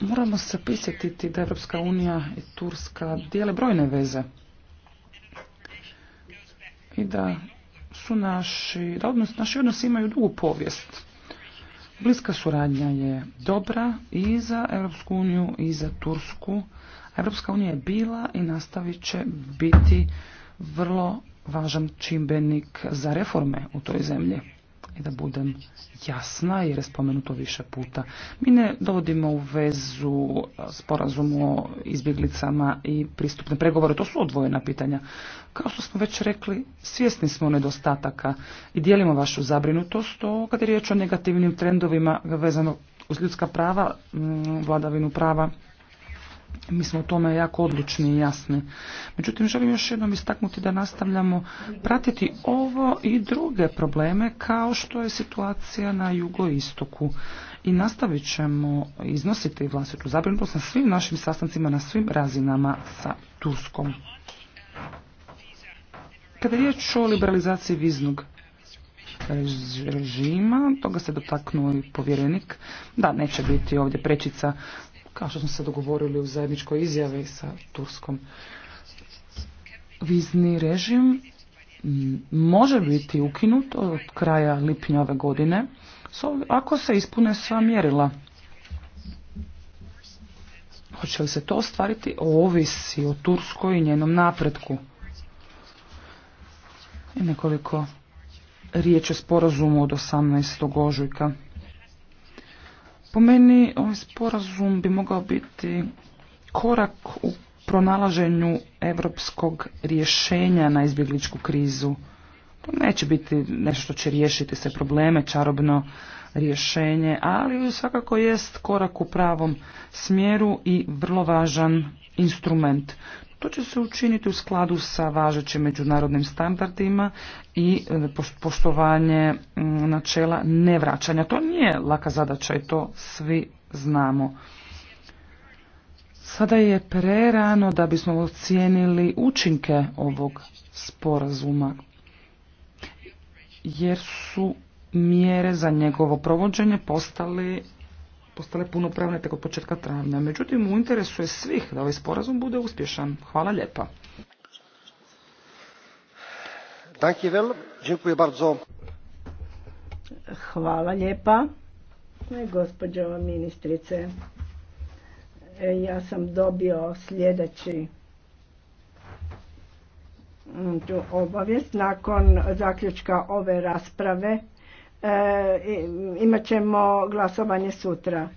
Moramo se prisjetiti da Evropska unija i Turska dijele brojne veze i da su naši, da odnos, naši odnosi imaju dugu povijest. Bliska suradnja je dobra i za Europsku uniju i za Tursku. Europska unija je bila i nastavit će biti vrlo važan čimbenik za reforme u toj zemlji i da budem jasna jer je spomenuto više puta. Mi ne dovodimo u vezu Sporazumu o izbjeglicama i pristupne pregovore, to su odvojena pitanja. Kao što smo već rekli, svjesni smo nedostataka i dijelimo vašu zabrinutost Kad je riječ o negativnim trendovima vezano uz ljudska prava, vladavinu prava mi smo u tome jako odlučni i jasni. Međutim, želim još jednom istaknuti da nastavljamo pratiti ovo i druge probleme kao što je situacija na jugoistoku. I nastavit ćemo iznositi vlastitu zabrinutost na svim našim sastancima, na svim razinama sa Tuskom. Kada je riječ o liberalizaciji viznog režima, toga se dotaknuo i povjerenik. Da, neće biti ovdje prečica kao što smo se dogovorili u zajedničkoj izjavi sa Turskom. Vizni režim može biti ukinut od kraja lipnja ove godine ako se ispune sva mjerila. Hoće li se to ostvariti? Ovisi o Turskoj i njenom napretku. I nekoliko riječi o sporazumu od 18. ožujka. Po meni ovaj sporazum bi mogao biti korak u pronalaženju europskog rješenja na izbjegličku krizu. To neće biti nešto što će riješiti sve probleme, čarobno rješenje, ali svakako jest korak u pravom smjeru i vrlo važan instrument. To će se učiniti u skladu sa važećim međunarodnim standardima i e, poštovanje mm, načela nevraćanja. To nije laka zadaća i to svi znamo. Sada je prerano da bismo ocijenili učinke ovog sporazuma, jer su mjere za njegovo provođenje postali postale punopravne tek od početka travnja. Međutim, u interesu je svih da ovaj sporazum bude uspješan. Hvala lijepa. Hvala lijepa, gospođo ministrice. E, ja sam dobio sljedeći mm, obavijest nakon zaključka ove rasprave. E, imat ćemo glasovanje sutra.